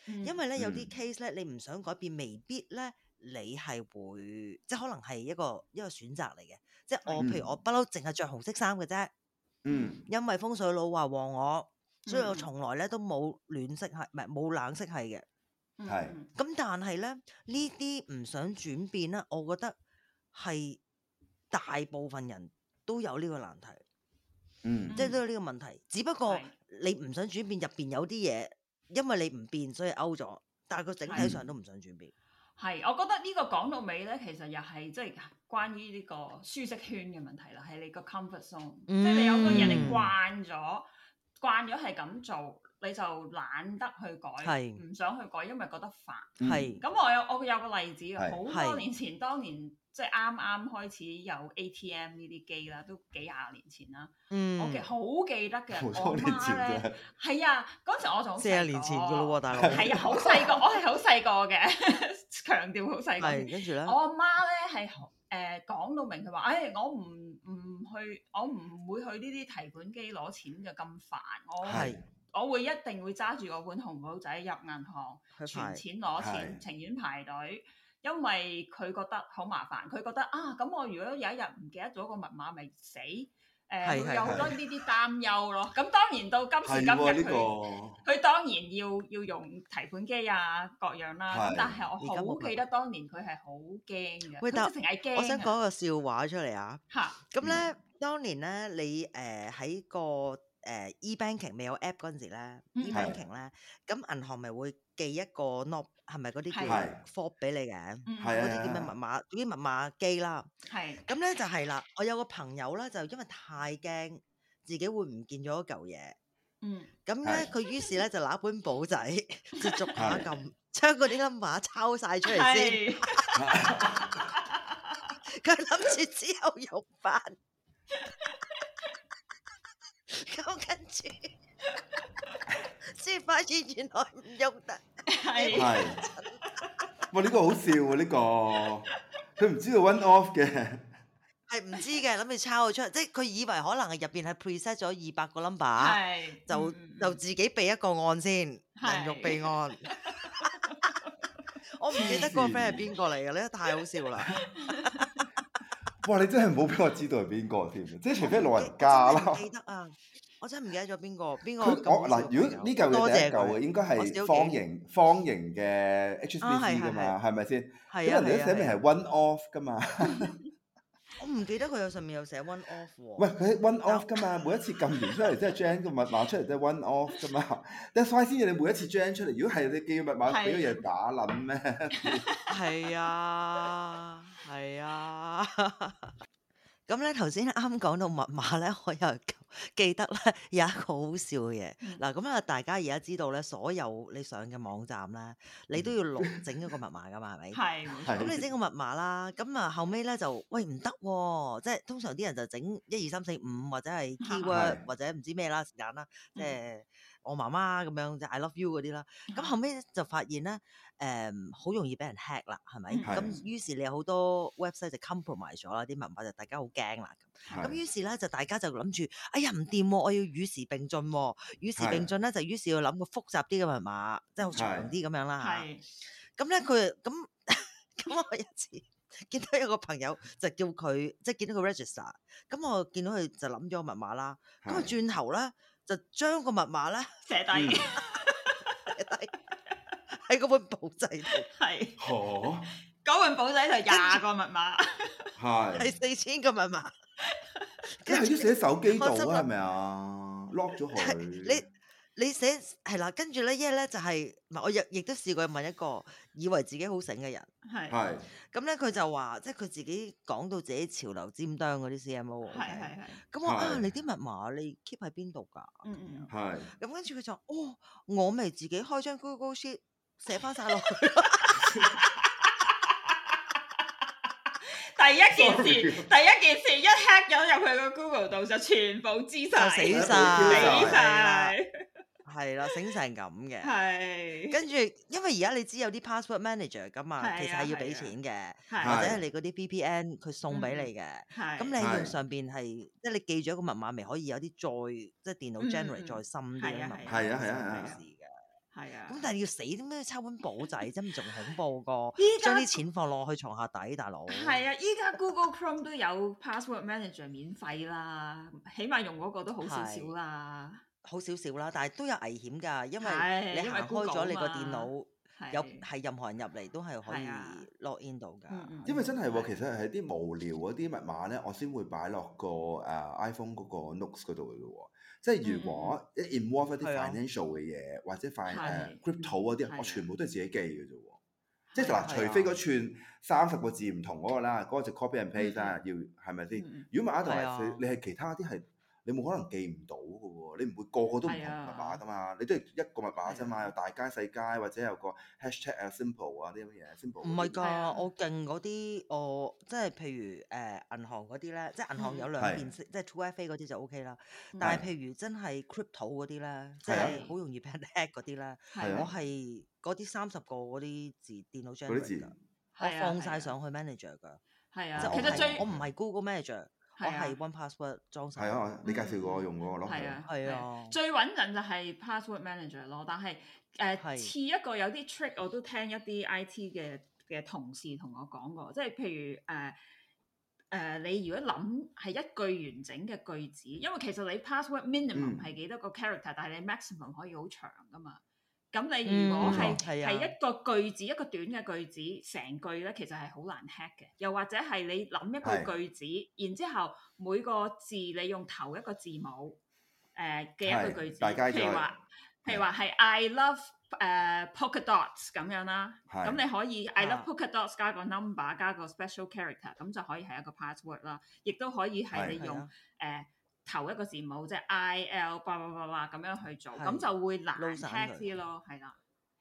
嗯。因為咧有啲 case 咧，你唔想改變，未必咧。你係會即係可能係一個一個選擇嚟嘅，即係我、嗯、譬如我不嬲淨係着紅色衫嘅啫，嗯，因為風水佬話旺我，嗯、所以我從來咧都冇暖色係，唔係冇冷色係嘅，係、嗯，咁但係咧呢啲唔想轉變咧，我覺得係大部分人都有呢個難題，嗯，即係都有呢個問題，嗯、只不過你唔想轉變，入邊有啲嘢，因為你唔變所以 out 咗，但係佢整體上都唔想轉變。嗯係，我覺得呢個講到尾咧，其實又係即係關於呢個舒適圈嘅問題啦，係你個 comfort zone，嗯、即係你有個嘢你慣咗，慣咗係咁做，你就懶得去改，唔是想去改，因為覺得煩。係是。咁、嗯、我有我有個例子，是好多年前，是當年。即係啱啱開始有 ATM 呢啲機啦，都幾廿年前啦，我記好記得嘅，我媽咧係啊，嗰陣我仲四十年前咋喎，大佬係啊，好細個，我係好細個嘅，強調好細個。跟住咧，我阿媽咧係誒講到明，佢話：，誒，我唔唔去，我唔會去呢啲提款機攞錢嘅，咁煩，我我會一定會揸住個本紅簿仔入銀行存錢攞錢，情願排隊。因為佢覺得好麻煩，佢覺得啊，咁我如果有一日唔記得咗個密碼，咪死，誒、呃，係係係有好多呢啲擔憂咯。咁、嗯、當然到今時今日，佢佢當然要要用提款機啊，各樣啦。咁的但係我好記得當年佢係好驚嘅，佢成日驚。我想講個笑話出嚟啊。吓， 咁咧、嗯、當年咧，你誒喺、呃、個。誒、呃、e banking 未有 app 嗰陣時咧，e banking 咧，咁是銀行咪會寄一個 note 係咪嗰啲叫 code 俾你嘅？嗰啲咁嘅密碼，嗰啲密碼機啦。係是。咁咧、嗯、就係啦，我有個朋友咧，就因為太驚自己會唔見咗一嚿嘢。嗯。咁咧呢，佢是於是咧就拿本簿仔，即係逐下撳，將嗰啲粒碼抄晒出嚟先。佢諗住之後用翻。 跟住先發現原來唔喐得，係是。 哇，呢、這個好笑啊！呢、這個佢唔知道 one off 嘅，係唔知嘅諗住抄佢出嚟，即係佢以為可能係入邊係 preset 咗二百個 number，係是就就自己備一個案先，人肉備案。 我唔記得嗰個 friend 係邊個嚟嘅咧，太好笑啦！ 哇，你真係唔好俾我知道係邊個添，即係除非老人家啦。記得啊。我真係唔記得咗邊個，邊個嗱，如果呢嚿係第一嚿嘅，應該係方形、方形嘅 h c c 噶嘛，係咪先？咁人哋寫明係 one off 噶嘛。我唔記得佢有上面有寫 one off 喂，佢 one off 噶嘛，每一次撳完出嚟即係 gen 個密碼出嚟都 one off 噶嘛。你係 size 人每一次 gen 出嚟，如果係啲機密碼俾嘢打冧咩？係啊，係啊。咁咧頭先啱講到密碼咧，我又記得咧有一個好笑嘅嘢嗱。咁啊，大家而家知道咧，所有你上嘅網站咧，你都要錄整一個密碼㗎嘛，係咪 吧？係。咁你整個密碼啦，咁啊後尾咧就喂唔得喎，即係通常啲人就整一二三四五或者係 keyword 或者唔知咩啦時間啦， 即係。我媽媽咁樣就 I love you 嗰啲啦，咁、嗯、後尾就發現咧，誒、嗯、好容易俾人 hack 啦，係咪？咁、嗯、於是你有好多 website 就 compromise 咗啦，啲密碼就大家好驚啦。咁、嗯、於是咧就大家就諗住，哎呀唔掂喎，我要與時並進喎、啊，與時並進咧是就於是要諗個複雜啲嘅密碼，即係好長啲咁樣啦係。咁咧佢咁咁我一次見到有個朋友就叫佢即係見到佢 register，咁我見到佢就諗咗個密碼啦，咁、那、啊、個、轉頭咧。那個就將個密碼咧寫低，寫低、嗯，喺嗰 本簿仔度。係 是，嚇，嗰本簿仔度廿個密碼，係，係四千個密碼。咁係要寫手機度啊？係咪啊？lock 咗佢。你寫係啦，跟住咧，一咧就係唔係？我亦亦都試過問一個以為自己好醒嘅人，係，咁咧佢就話，即係佢自己講到自己潮流尖端嗰啲 CMO，係係係。咁我啊，你啲密碼你 keep 喺邊度㗎？嗯嗯，係。咁跟住佢就哦，我咪自己開張 Google Sheet 寫翻晒落去，第一件事，第一件事一 hack 咗入去個 Google 度就全部知晒，死晒。死曬。係啦，醒成咁嘅，跟住，因為而家你知有啲 password manager 噶嘛，其實係要俾錢嘅，或者係你嗰啲 VPN 佢送俾你嘅。咁你喺度上邊係，即係你記咗一個密碼，咪可以有啲再即係電腦 generate 再深啲密碼。係啊係啊係啊！咁但係要死點樣抄本簿仔，真係仲恐怖過將啲錢放落去床下底，大佬。係啊，依家 Google Chrome 都有 password manager 免費啦，起碼用嗰個都好少少啦。好少少啦，但係都有危險噶因為你行開咗你個電腦，有係任何人入嚟都係可以 log in 到噶。因為真係，其實係啲無聊嗰啲密碼咧，我先會擺落個誒 iPhone 嗰個 Notes 嗰度嘅喎。即係如果 involve 啲 financial 嘅嘢，或者快誒 crypto 嗰啲，我全部都係自己記嘅啫。即係嗱，除非嗰串三十個字唔同嗰個啦，嗰個就 copy and paste 啦，要係咪先？如果唔一同你係其他嗰啲係。你冇可能記唔到嘅喎，你唔會個個都唔同密碼噶嘛，你都係一個密碼啫嘛，有大街細街或者有個 hashtag 啊 simple 啊啲乜嘢，simple 唔係㗎，我勁嗰啲我即係譬如誒銀行嗰啲咧，即係銀行有兩件即係 two FA 嗰啲就 OK 啦。但係譬如真係 crypto 嗰啲咧，即係好容易被人 hack 嗰啲咧，我係嗰啲三十個嗰啲字電腦將我放晒上去 manager 㗎。係啊，其實最我唔係 Google manager。我係 One Password 裝上，啊、oh, yes. yeah, mm，你介紹過我用過，我攞嚟。係啊，最穩陣就係 Password Manager 咯。但係誒，似一個有啲 trick，我都聽一啲 IT 嘅嘅同事同我講過，即係譬如誒誒、呃呃，你如果諗係一句完整嘅句子，因為其實你 Password Minimum 係、mm. 幾多個 character，但係你 Maximum 可以好長噶嘛。咁你、嗯、如果係係、嗯啊、一個句子，一個短嘅句子，成句咧其實係好難 hack 嘅。又或者係你諗一個句子，是然之後每個字你用頭一個字母，誒、呃、嘅一個句子，譬如話譬是如話係是 I love 誒、uh, polka dots 咁樣啦。咁是你可以是 I love polka dots 加個 number 加個 special character，咁就可以係一個 password 啦。亦都可以係你用誒。頭一個字母即係 I、L，八八八八，咁樣去做，咁就會難 hack 啲咯，係啦。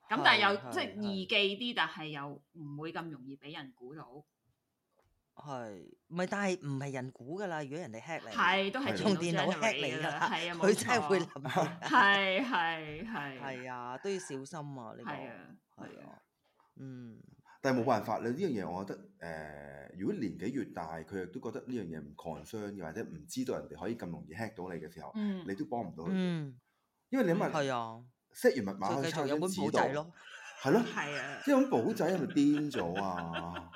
咁但係又即係易記啲，但係又唔會咁容易俾人估到。係，唔係，但係唔係人估噶啦，如果人哋 hack 嚟，係係都係用電腦 hack 嚟㗎，佢真係會諗。係係係。係啊，都要小心啊！你。個係啊，係啊，嗯。但係冇辦法，你呢樣嘢我覺得，誒、呃，如果年紀越大，佢亦都覺得呢樣嘢唔 concern 嘅，或者唔知道人哋可以咁容易 hack 到你嘅時候，嗯、你都幫唔到佢。嗯，因為你咪，係、嗯、啊，set 完密碼可以抽張紙度，係咯，係啊，即係本簿仔係咪癲咗啊？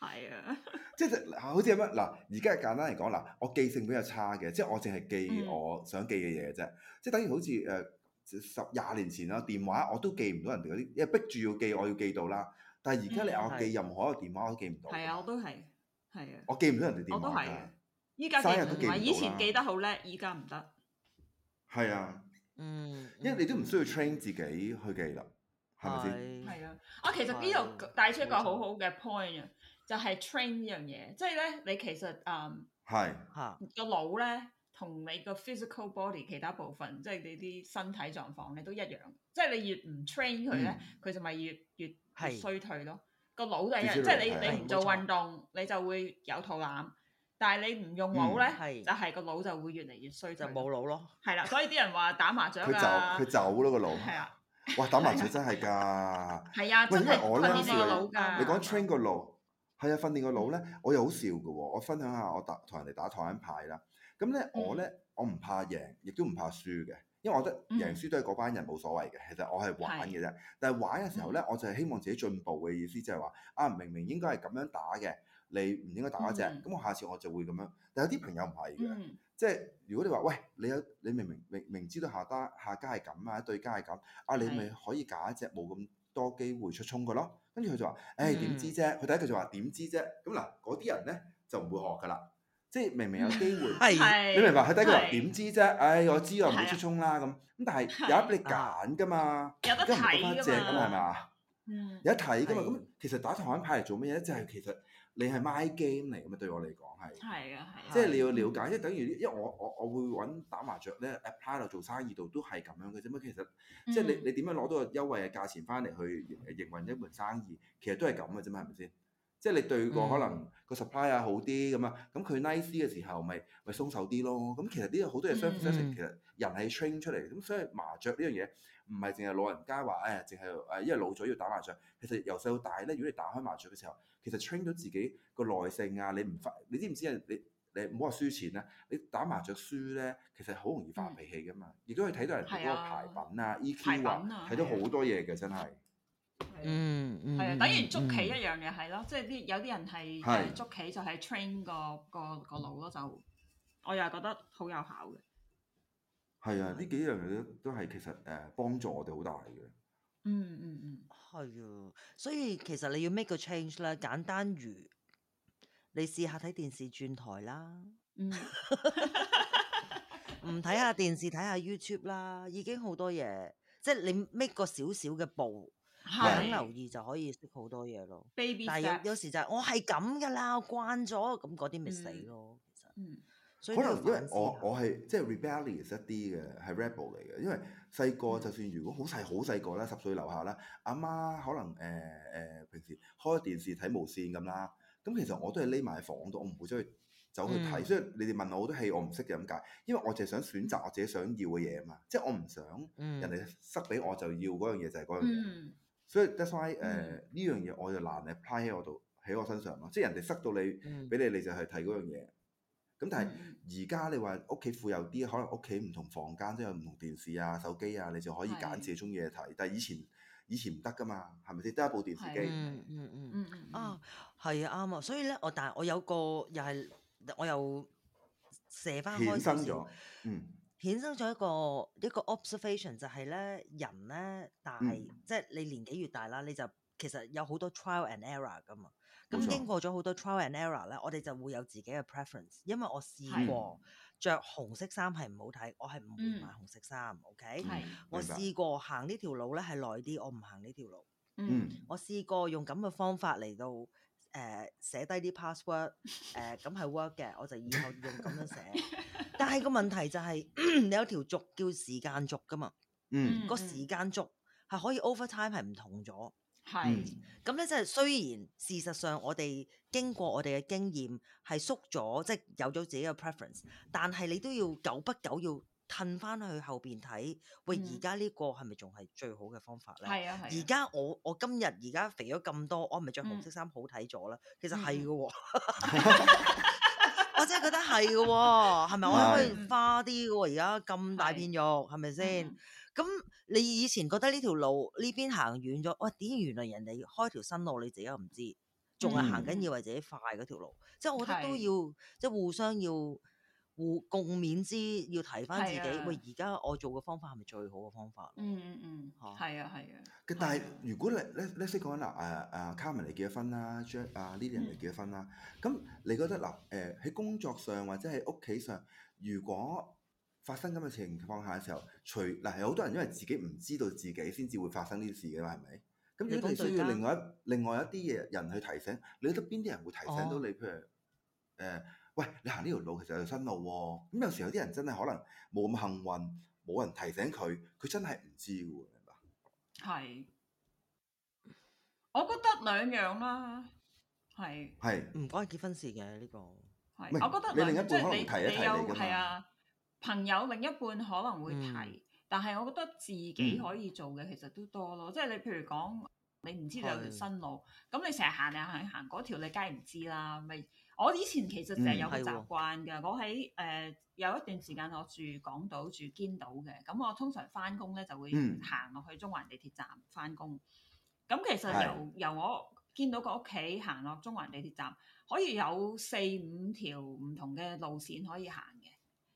係啊即， 即係 好似咁啊，嗱，而家係簡單嚟講，嗱，我記性比較差嘅，即係我淨係記我想記嘅嘢啫，即係等於好似誒。呃十廿年前啦，電話我都記唔到人哋嗰啲，因為逼住要記，我要記到啦。但係而家你嗌我記任何一個電話我，我都我記唔到。係啊，我都係，係啊生日。我記唔到人哋電話。我都係。依家就唔係，以前記得好叻，依家唔得。係啊。嗯。因為你都唔需要 train 自己去記啦，係咪先？係啊。啊，其實呢度帶出一個好好嘅 point，錯就係 train 呢樣嘢，即係咧，你其實誒。係、um, 的。嚇。個腦咧。同你個 physical body 其他部分，即係你啲身體狀況你都一樣。即係你越唔 train 佢咧，佢就咪越越衰退咯。個腦就一樣，即係你你唔做運動，你就會有肚腩。但係你唔用腦咧，就係個腦就會越嚟越衰，就冇腦咯。係啦，所以啲人話打麻將佢走佢走咯個腦。係啊，哇！打麻將真係㗎。係啊，真係訓練個腦㗎。你講 train 個腦，係啊，訓練個腦咧，我又好笑嘅喎。我分享下我打同人哋打台灣牌啦。咁咧、嗯，我咧，我唔怕贏，亦都唔怕輸嘅，因為我覺得贏輸都係嗰班人冇、嗯、所謂嘅，其實我係玩嘅啫。嗯、但係玩嘅時候咧，我就係希望自己進步嘅意思就，就係話啊，明明應該係咁樣打嘅，你唔應該打一隻，咁、嗯、我下次我就會咁樣。但有啲朋友唔係嘅，嗯嗯、即係如果你話喂，你有你明明明明知道下家下家係咁啊，對家係咁，啊你咪可以假一隻冇咁、嗯、多機會出衝嘅咯。跟住佢就話，誒、欸、點、欸、知啫？佢第一句就話點知啫？咁嗱，嗰啲人咧就唔會學㗎啦。即係明明有機會，你明白？佢第一句話點知啫？唉，我知我唔會出衝啦咁。咁但係有得俾你揀㗎嘛？有得睇㗎嘛？咁係咪啊？嗯，有得睇㗎嘛？咁其實打台灣牌嚟做咩嘢咧？即係其實你係 my game 嚟㗎嘛？對我嚟講係。係啊，係。即係你要了解，即係等於因為我我我會揾打麻雀咧，apply 落做生意度都係咁樣嘅啫嘛。其實即係你你點樣攞到個優惠嘅價錢翻嚟去營運一門生意，其實都係咁嘅啫嘛，係咪先？即係你對個可能個 supplier 啊好啲咁啊，咁佢 nice 嘅時候咪咪鬆手啲咯。咁其實呢個好多嘢相輔相成，其實、嗯、其實人係 train 出嚟。咁所以麻雀呢樣嘢唔係淨係老人家話誒，淨係誒因為老咗要打麻雀。其實由細到大咧，如果你打開麻雀嘅時候，其實 train 咗自己個耐性啊，你唔發，你知唔知啊？你你唔好話輸錢啊，你打麻雀輸咧，其實好容易發脾氣噶嘛。亦都可以睇到人哋嗰個牌品啊，EQ 啊，睇到好多嘢嘅真係。 嗯，係啊，等於捉棋一樣嘅係咯，嗯嗯、即係啲有啲人係捉棋就係 train 個的個個腦咯。就我又覺得好有效嘅，係啊，呢幾樣嘢都都係其實誒幫助我哋好大嘅、嗯。嗯嗯嗯，係啊，所以其實你要 make 個 change 啦。簡單如你試下睇電視轉台啦，唔睇、嗯、 下電視睇下 YouTube 啦，已經好多嘢，即係你 make 個少少嘅步。想是留意就可以識好多嘢咯。Baby 但係有，有，有時就是、我係咁㗎啦，我慣咗咁嗰啲咪死咯。嗯、其實，所以可能因為我我係即係、就是、rebellious 一啲嘅，係 rebel 嚟嘅。因為細個就算如果好細好細個啦，十歲樓下啦，阿媽，媽可能誒誒、呃呃、平時開電視睇無線咁啦，咁其實我都係匿埋房度，我唔會出去走去睇。嗯、所以你哋問我好多戲我唔識嘅點解？因為我淨係想選擇我自己想要嘅嘢啊嘛，即係我唔想人哋塞俾我就要嗰、嗯、樣嘢就係嗰樣嘢。所以 despite 誒呢樣嘢我就難你 apply 喺我度喺我身上咯，即係人哋塞到你，俾你你就係睇嗰樣嘢。咁但係而家你話屋企富有啲，可能屋企唔同房間都有唔同電視啊、手機啊，你就可以揀自己中意嘢睇。Mm hmm. 但係以前以前唔得㗎嘛，係咪先得一部電視機？嗯嗯嗯嗯啊，係啊啱啊。所以咧，我但係我有個又係我又射翻開點點生咗，嗯。衍生咗一個一個 observation 就係咧，人咧，但係、嗯、即係你年紀越大啦，你就其實有好多 trial and error 噶嘛。咁、嗯、經過咗好多 trial and error 咧、嗯，我哋就會有自己嘅 preference。因為我試過着、嗯、紅色衫係唔好睇，我係唔會買紅色衫。OK，係、嗯，我試過行呢條路咧係耐啲，我唔行呢條路。嗯，我試過用咁嘅方法嚟到。誒、呃、寫低啲 password，誒、呃、咁係 work 嘅，我就以後用咁樣寫。 但係個問題就係、是嗯，你有條軸叫時間軸㗎嘛？嗯，個時間軸係可以 over time 係唔同咗。係是，咁咧即係雖然事實上我哋經過我哋嘅經驗係縮咗，即、就、係、是、有咗自己嘅 preference，但係你都要久不久要。褪翻去後邊睇，喂，而家呢個係咪仲係最好嘅方法咧？係啊係。而家我我今日而家肥咗咁多，我咪着紅色衫好睇咗啦。其實係㗎喎，我真係覺得係嘅喎，係咪我可以花啲嘅喎？而家咁大片肉，係咪先？咁你以前覺得呢條路呢邊行遠咗，喂，點原來人哋開條新路，你自己都唔知，仲係行緊以為自己快嗰條路。即係我覺得都要，即係互相要。互共勉之，要提翻自己。是啊、喂，而家我做嘅方法係咪最好嘅方法？嗯嗯嗯，嚇、嗯，係啊係啊。啊是啊但係，如果你咧，咧識講嗱，誒、uh, 誒、uh,，卡文嚟結咗婚啦，Jade 啊呢啲人嚟結咗婚啦，咁你覺得嗱，誒、uh, 喺工作上或者喺屋企上，如果發生咁嘅情況下嘅時候，除嗱、呃、有好多人因為自己唔知道自己先至會發生呢啲事嘅嘛，係咪？咁如果你需要另外一另外一啲嘢人去提醒，你覺得邊啲人會提醒到你？呃、譬如誒。喂，你行呢條路其實有新路喎、哦，咁、嗯、有時有啲人真係可能冇咁幸運，冇人提醒佢，佢真係唔知㗎，係嘛？係，我覺得兩樣啦，係係唔講結婚事嘅呢、這個，唔係我覺得兩樣你另一半可能提一提你嘅，係啊，朋友另一半可能會提，嗯、但係我覺得自己可以做嘅其實都多咯，即係你譬如講你唔知道有條新路，咁是你成日行行行嗰條你，你梗係唔知啦，咪。我以前其實成日有個習慣嘅，嗯哦、我喺誒、呃、有一段時間我住港島住堅島嘅，咁我通常翻工咧就會行落去中環地鐵站翻工。咁、嗯、其實由是由我見到個屋企行落中環地鐵站，可以有四五條唔同嘅路線可以行嘅，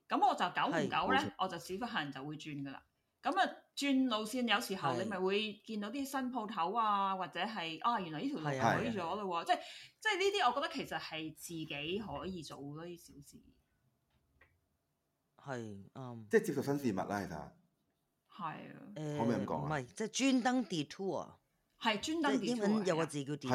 咁我就久唔久咧，我就屎忽痕就會轉噶啦。咁啊，轉路線有時候你咪會見到啲新鋪頭啊，或者係啊，原來呢條路改咗嘞喎！即係即係呢啲，我覺得其實係自己可以做嗰啲小事。係啱，即係接受新事物啦，其實。係啊。可唔可以咁講？唔係，即係專登 detour，係專登英文有個字叫 detour？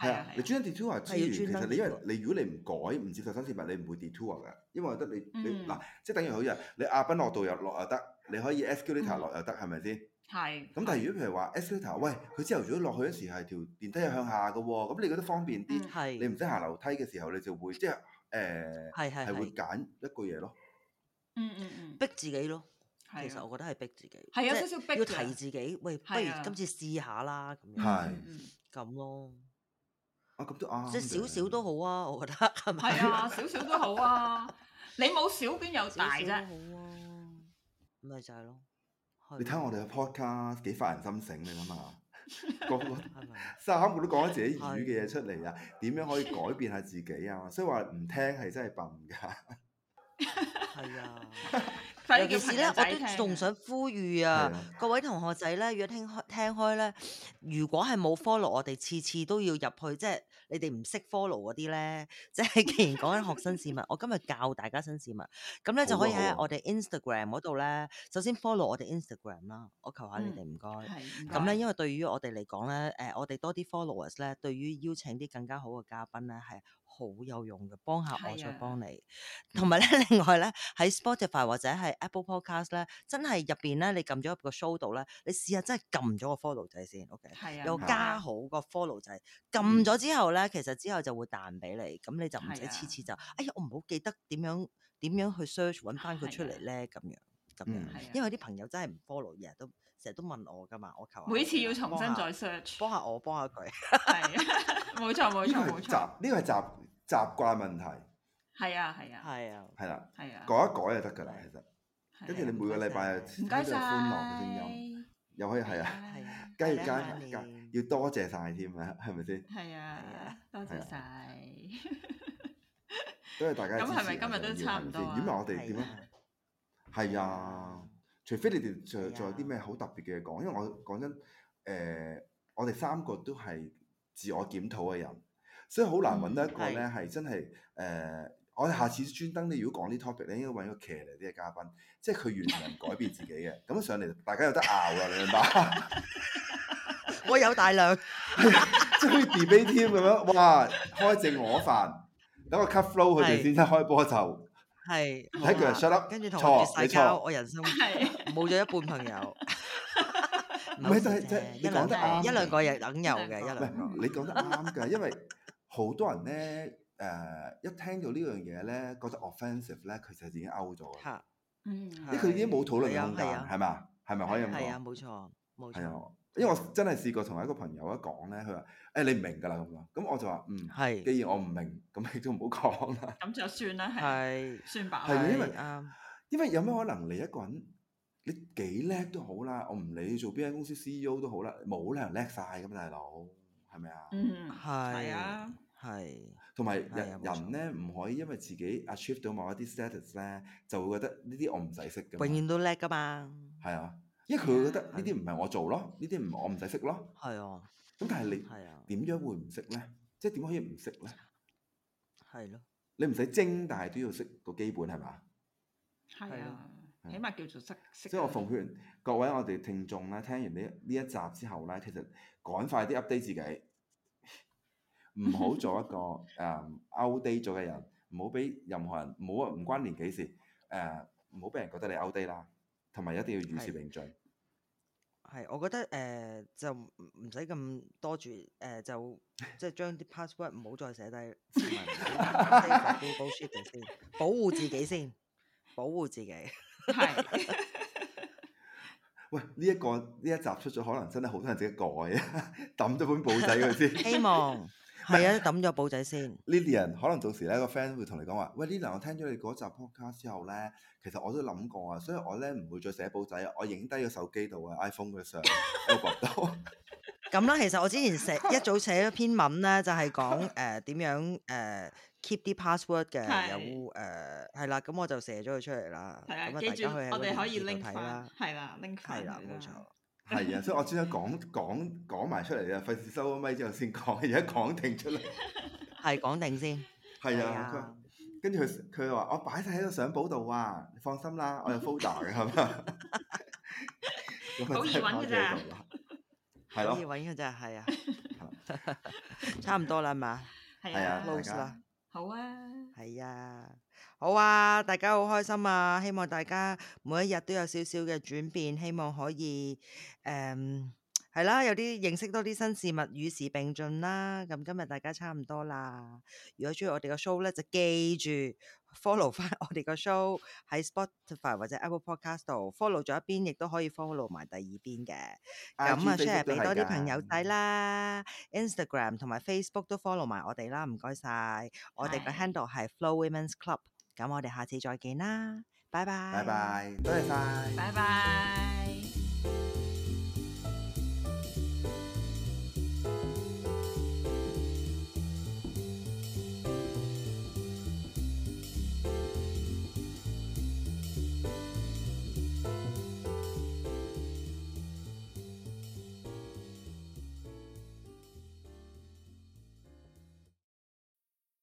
係啊，係你專登 detour 係資源，其實你因為你如果你唔改唔接受新事物，你唔會 detour 嘅，因為我覺得你你嗱，即係等於好似你阿斌落度又落又得。你可以 escalator 落又得，係咪先？係。咁但係如果譬如話 escalator，喂，佢朝頭早落去嘅時係條電梯向下嘅喎，咁你覺得方便啲？係。你唔使行樓梯嘅時候，你就會即係誒係係係會揀一個嘢咯。嗯嗯逼自己咯。係。其實我覺得係逼自己。係有少少逼。要提自己，喂，不如今次試下啦咁樣。係。嗯，咁咯。啊，咁都啱。即係少少都好啊，我覺得係咪？係啊，少少都好啊。你冇小邊有大啫。咁咪就係咯，你睇下我哋嘅 podcast 幾發人心醒，你諗下， 個 吧三個三五都講咗自己瘀嘅嘢出嚟啊，點的樣可以改變下自己啊？所以話唔聽係真係笨噶，係 啊，尤其是咧， 我都仲想呼籲啊，的各位同學仔咧，如果聽開聽開咧，如果係冇 follow，我哋次次都要入去，即係。你哋唔識 follow 嗰啲咧，即係既然講緊學新事物， 我今日教大家新事物，咁咧就可以喺我哋 Instagram 嗰度咧，首先 follow 我哋 Instagram 啦，我求下你哋唔該。咁咧、嗯煩，因為對於我哋嚟講咧，誒、呃、我哋多啲 followers 咧，對於邀請啲更加好嘅嘉賓咧係。好有用嘅，幫下我再幫你。同埋咧，另外咧，喺 Spotify 或者係 Apple Podcast 咧，真係入邊咧，你撳咗一個 show 度咧，你試下真係撳咗個 follow 掣先，OK？係啊，又加好個 follow 掣，撳咗之後咧，啊、其實之後就會彈俾你，咁你就唔使次次就，啊、哎呀，我唔好記得點樣點樣去 search 搵返佢出嚟咧，咁樣咁樣，係啊、因為啲朋友真係唔 follow，日日都。成日都問我㗎嘛，我每次要重新再 search，幫下我幫下佢，係冇錯冇錯冇錯。呢個係習習慣問題，係啊係啊係啊，係啦係啊，改一改就得㗎啦，其實。跟住你每個禮拜，唔該曬，又可以係啊，梗一加加要多謝晒添啊，係咪先？係啊，多謝晒！因為大家知，咁係咪今日都差唔多？因為我哋點啊？係啊。除非你哋仲仲有啲咩好特別嘅嘢講，因為我講真，誒、呃，我哋三個都係自我檢討嘅人，所以好難揾到一個咧係、嗯、真係誒、呃，我哋下次專登，你如果講呢 topic 咧，應該揾一個騎呢啲嘅嘉賓，即係佢完全唔改變自己嘅，咁 上嚟大家有得拗啊，你明白 我有大量，即係 debate 咁樣，哇！開正我飯，等個 cut flow 佢哋先得開波就。 係，跟住同我絕世交，我人生冇咗一半朋友。唔係，但係即係，一兩一兩個日等有嘅一兩。喂，你講得啱㗎，因為好多人咧，誒一聽到呢樣嘢咧，覺得 offensive 咧，佢就已經 out 咗。嚇，嗯，即佢已經冇討論空間，係嘛？係咪可以咁講？係啊，冇錯，冇錯。因為我真係試過同一個朋友一講咧，佢話：誒你唔明㗎啦咁啊！咁我就話：嗯，係，既然我唔明，咁你都唔好講啦。咁就算啦，係的算吧。啦。係因為、嗯、因為有咩可能你一個人，你幾叻都好啦，我唔理你做邊間公司 CEO 都好啦，冇理由叻晒㗎嘛，大佬，係咪、嗯、啊？嗯，係。係啊，係。同埋人人咧唔可以因為自己 achieve 到某一啲 status 咧，就會覺得呢啲我唔使識㗎。永遠都叻㗎嘛。係啊、嗯。嗯嗯嗯嗯嗯嗯因為佢覺得呢啲唔係我做咯，呢啲唔係我唔使識咯。係啊的。咁但係你點樣會唔識咧？的即係點可以唔識咧？係咯的。你唔使精，但係都要識個基本係嘛？係啊，起碼叫做識識。即係我奉勸各位我哋聽眾咧，聽完呢呢一集之後咧，其實趕快啲 update 自己，唔好做一個誒 out date 咗嘅人，唔好俾任何人，唔好唔關年紀事，誒唔好俾人覺得你 out date 啦，同埋一定要與時並進。的 係，我覺得誒、呃、就唔使咁多住，誒、呃、就即係將啲 password 唔好再寫低，保護自己先，保護自己先，保護自己。係是。 喂，呢、這、一個呢一集出咗，可能真係好多人自己改啊，抌咗本簿仔佢先。 希望。係啊，抌咗簿仔先。Lilian，l 可能到時咧個 friend 會同你講話，喂 Lilian，l 我聽咗你嗰集 podcast 之後咧，其實我都諗過啊，所以我咧唔會再寫簿仔啊，我影低個手機度啊，iPhone 嘅相喺個 blog 咁啦。其實我之前寫一早寫咗篇文咧，就係講誒點樣誒 keep 啲 password 嘅，有誒係啦，咁我就寫咗佢出嚟啦。係啊，記住我哋可以拎翻。係啦，拎翻冇錯。係啊，所以我只想講講講埋出嚟啊，費事收咗咪之後先講，而家講定出嚟。係講定先。係啊，跟住佢佢話：我擺晒喺個相簿度啊，放心啦，我有 folder 㗎，係咪？好易揾㗎咋。係咯。好易揾㗎咋，係啊。差唔多啦，係嘛？係啊，大家。好啊。係啊。好啊！大家好開心啊！希望大家每一日都有少少嘅轉變，希望可以誒係啦，有啲認識多啲新事物，與時並進啦。咁、嗯、今日大家差唔多啦。如果中意我哋個 show 咧，就記住 follow 翻我哋個 show 喺 Spotify 或者 Apple Podcast 度 follow 咗一邊，亦都可以 follow 埋第二邊嘅。咁啊，share 俾多啲朋友仔啦，Instagram 同埋 Facebook 都 follow 埋我哋啦。唔該晒，唉我哋嘅 handle 係 Flo Women’s Club。咁我哋下次再見啦，拜拜，拜拜，多謝曬，拜拜。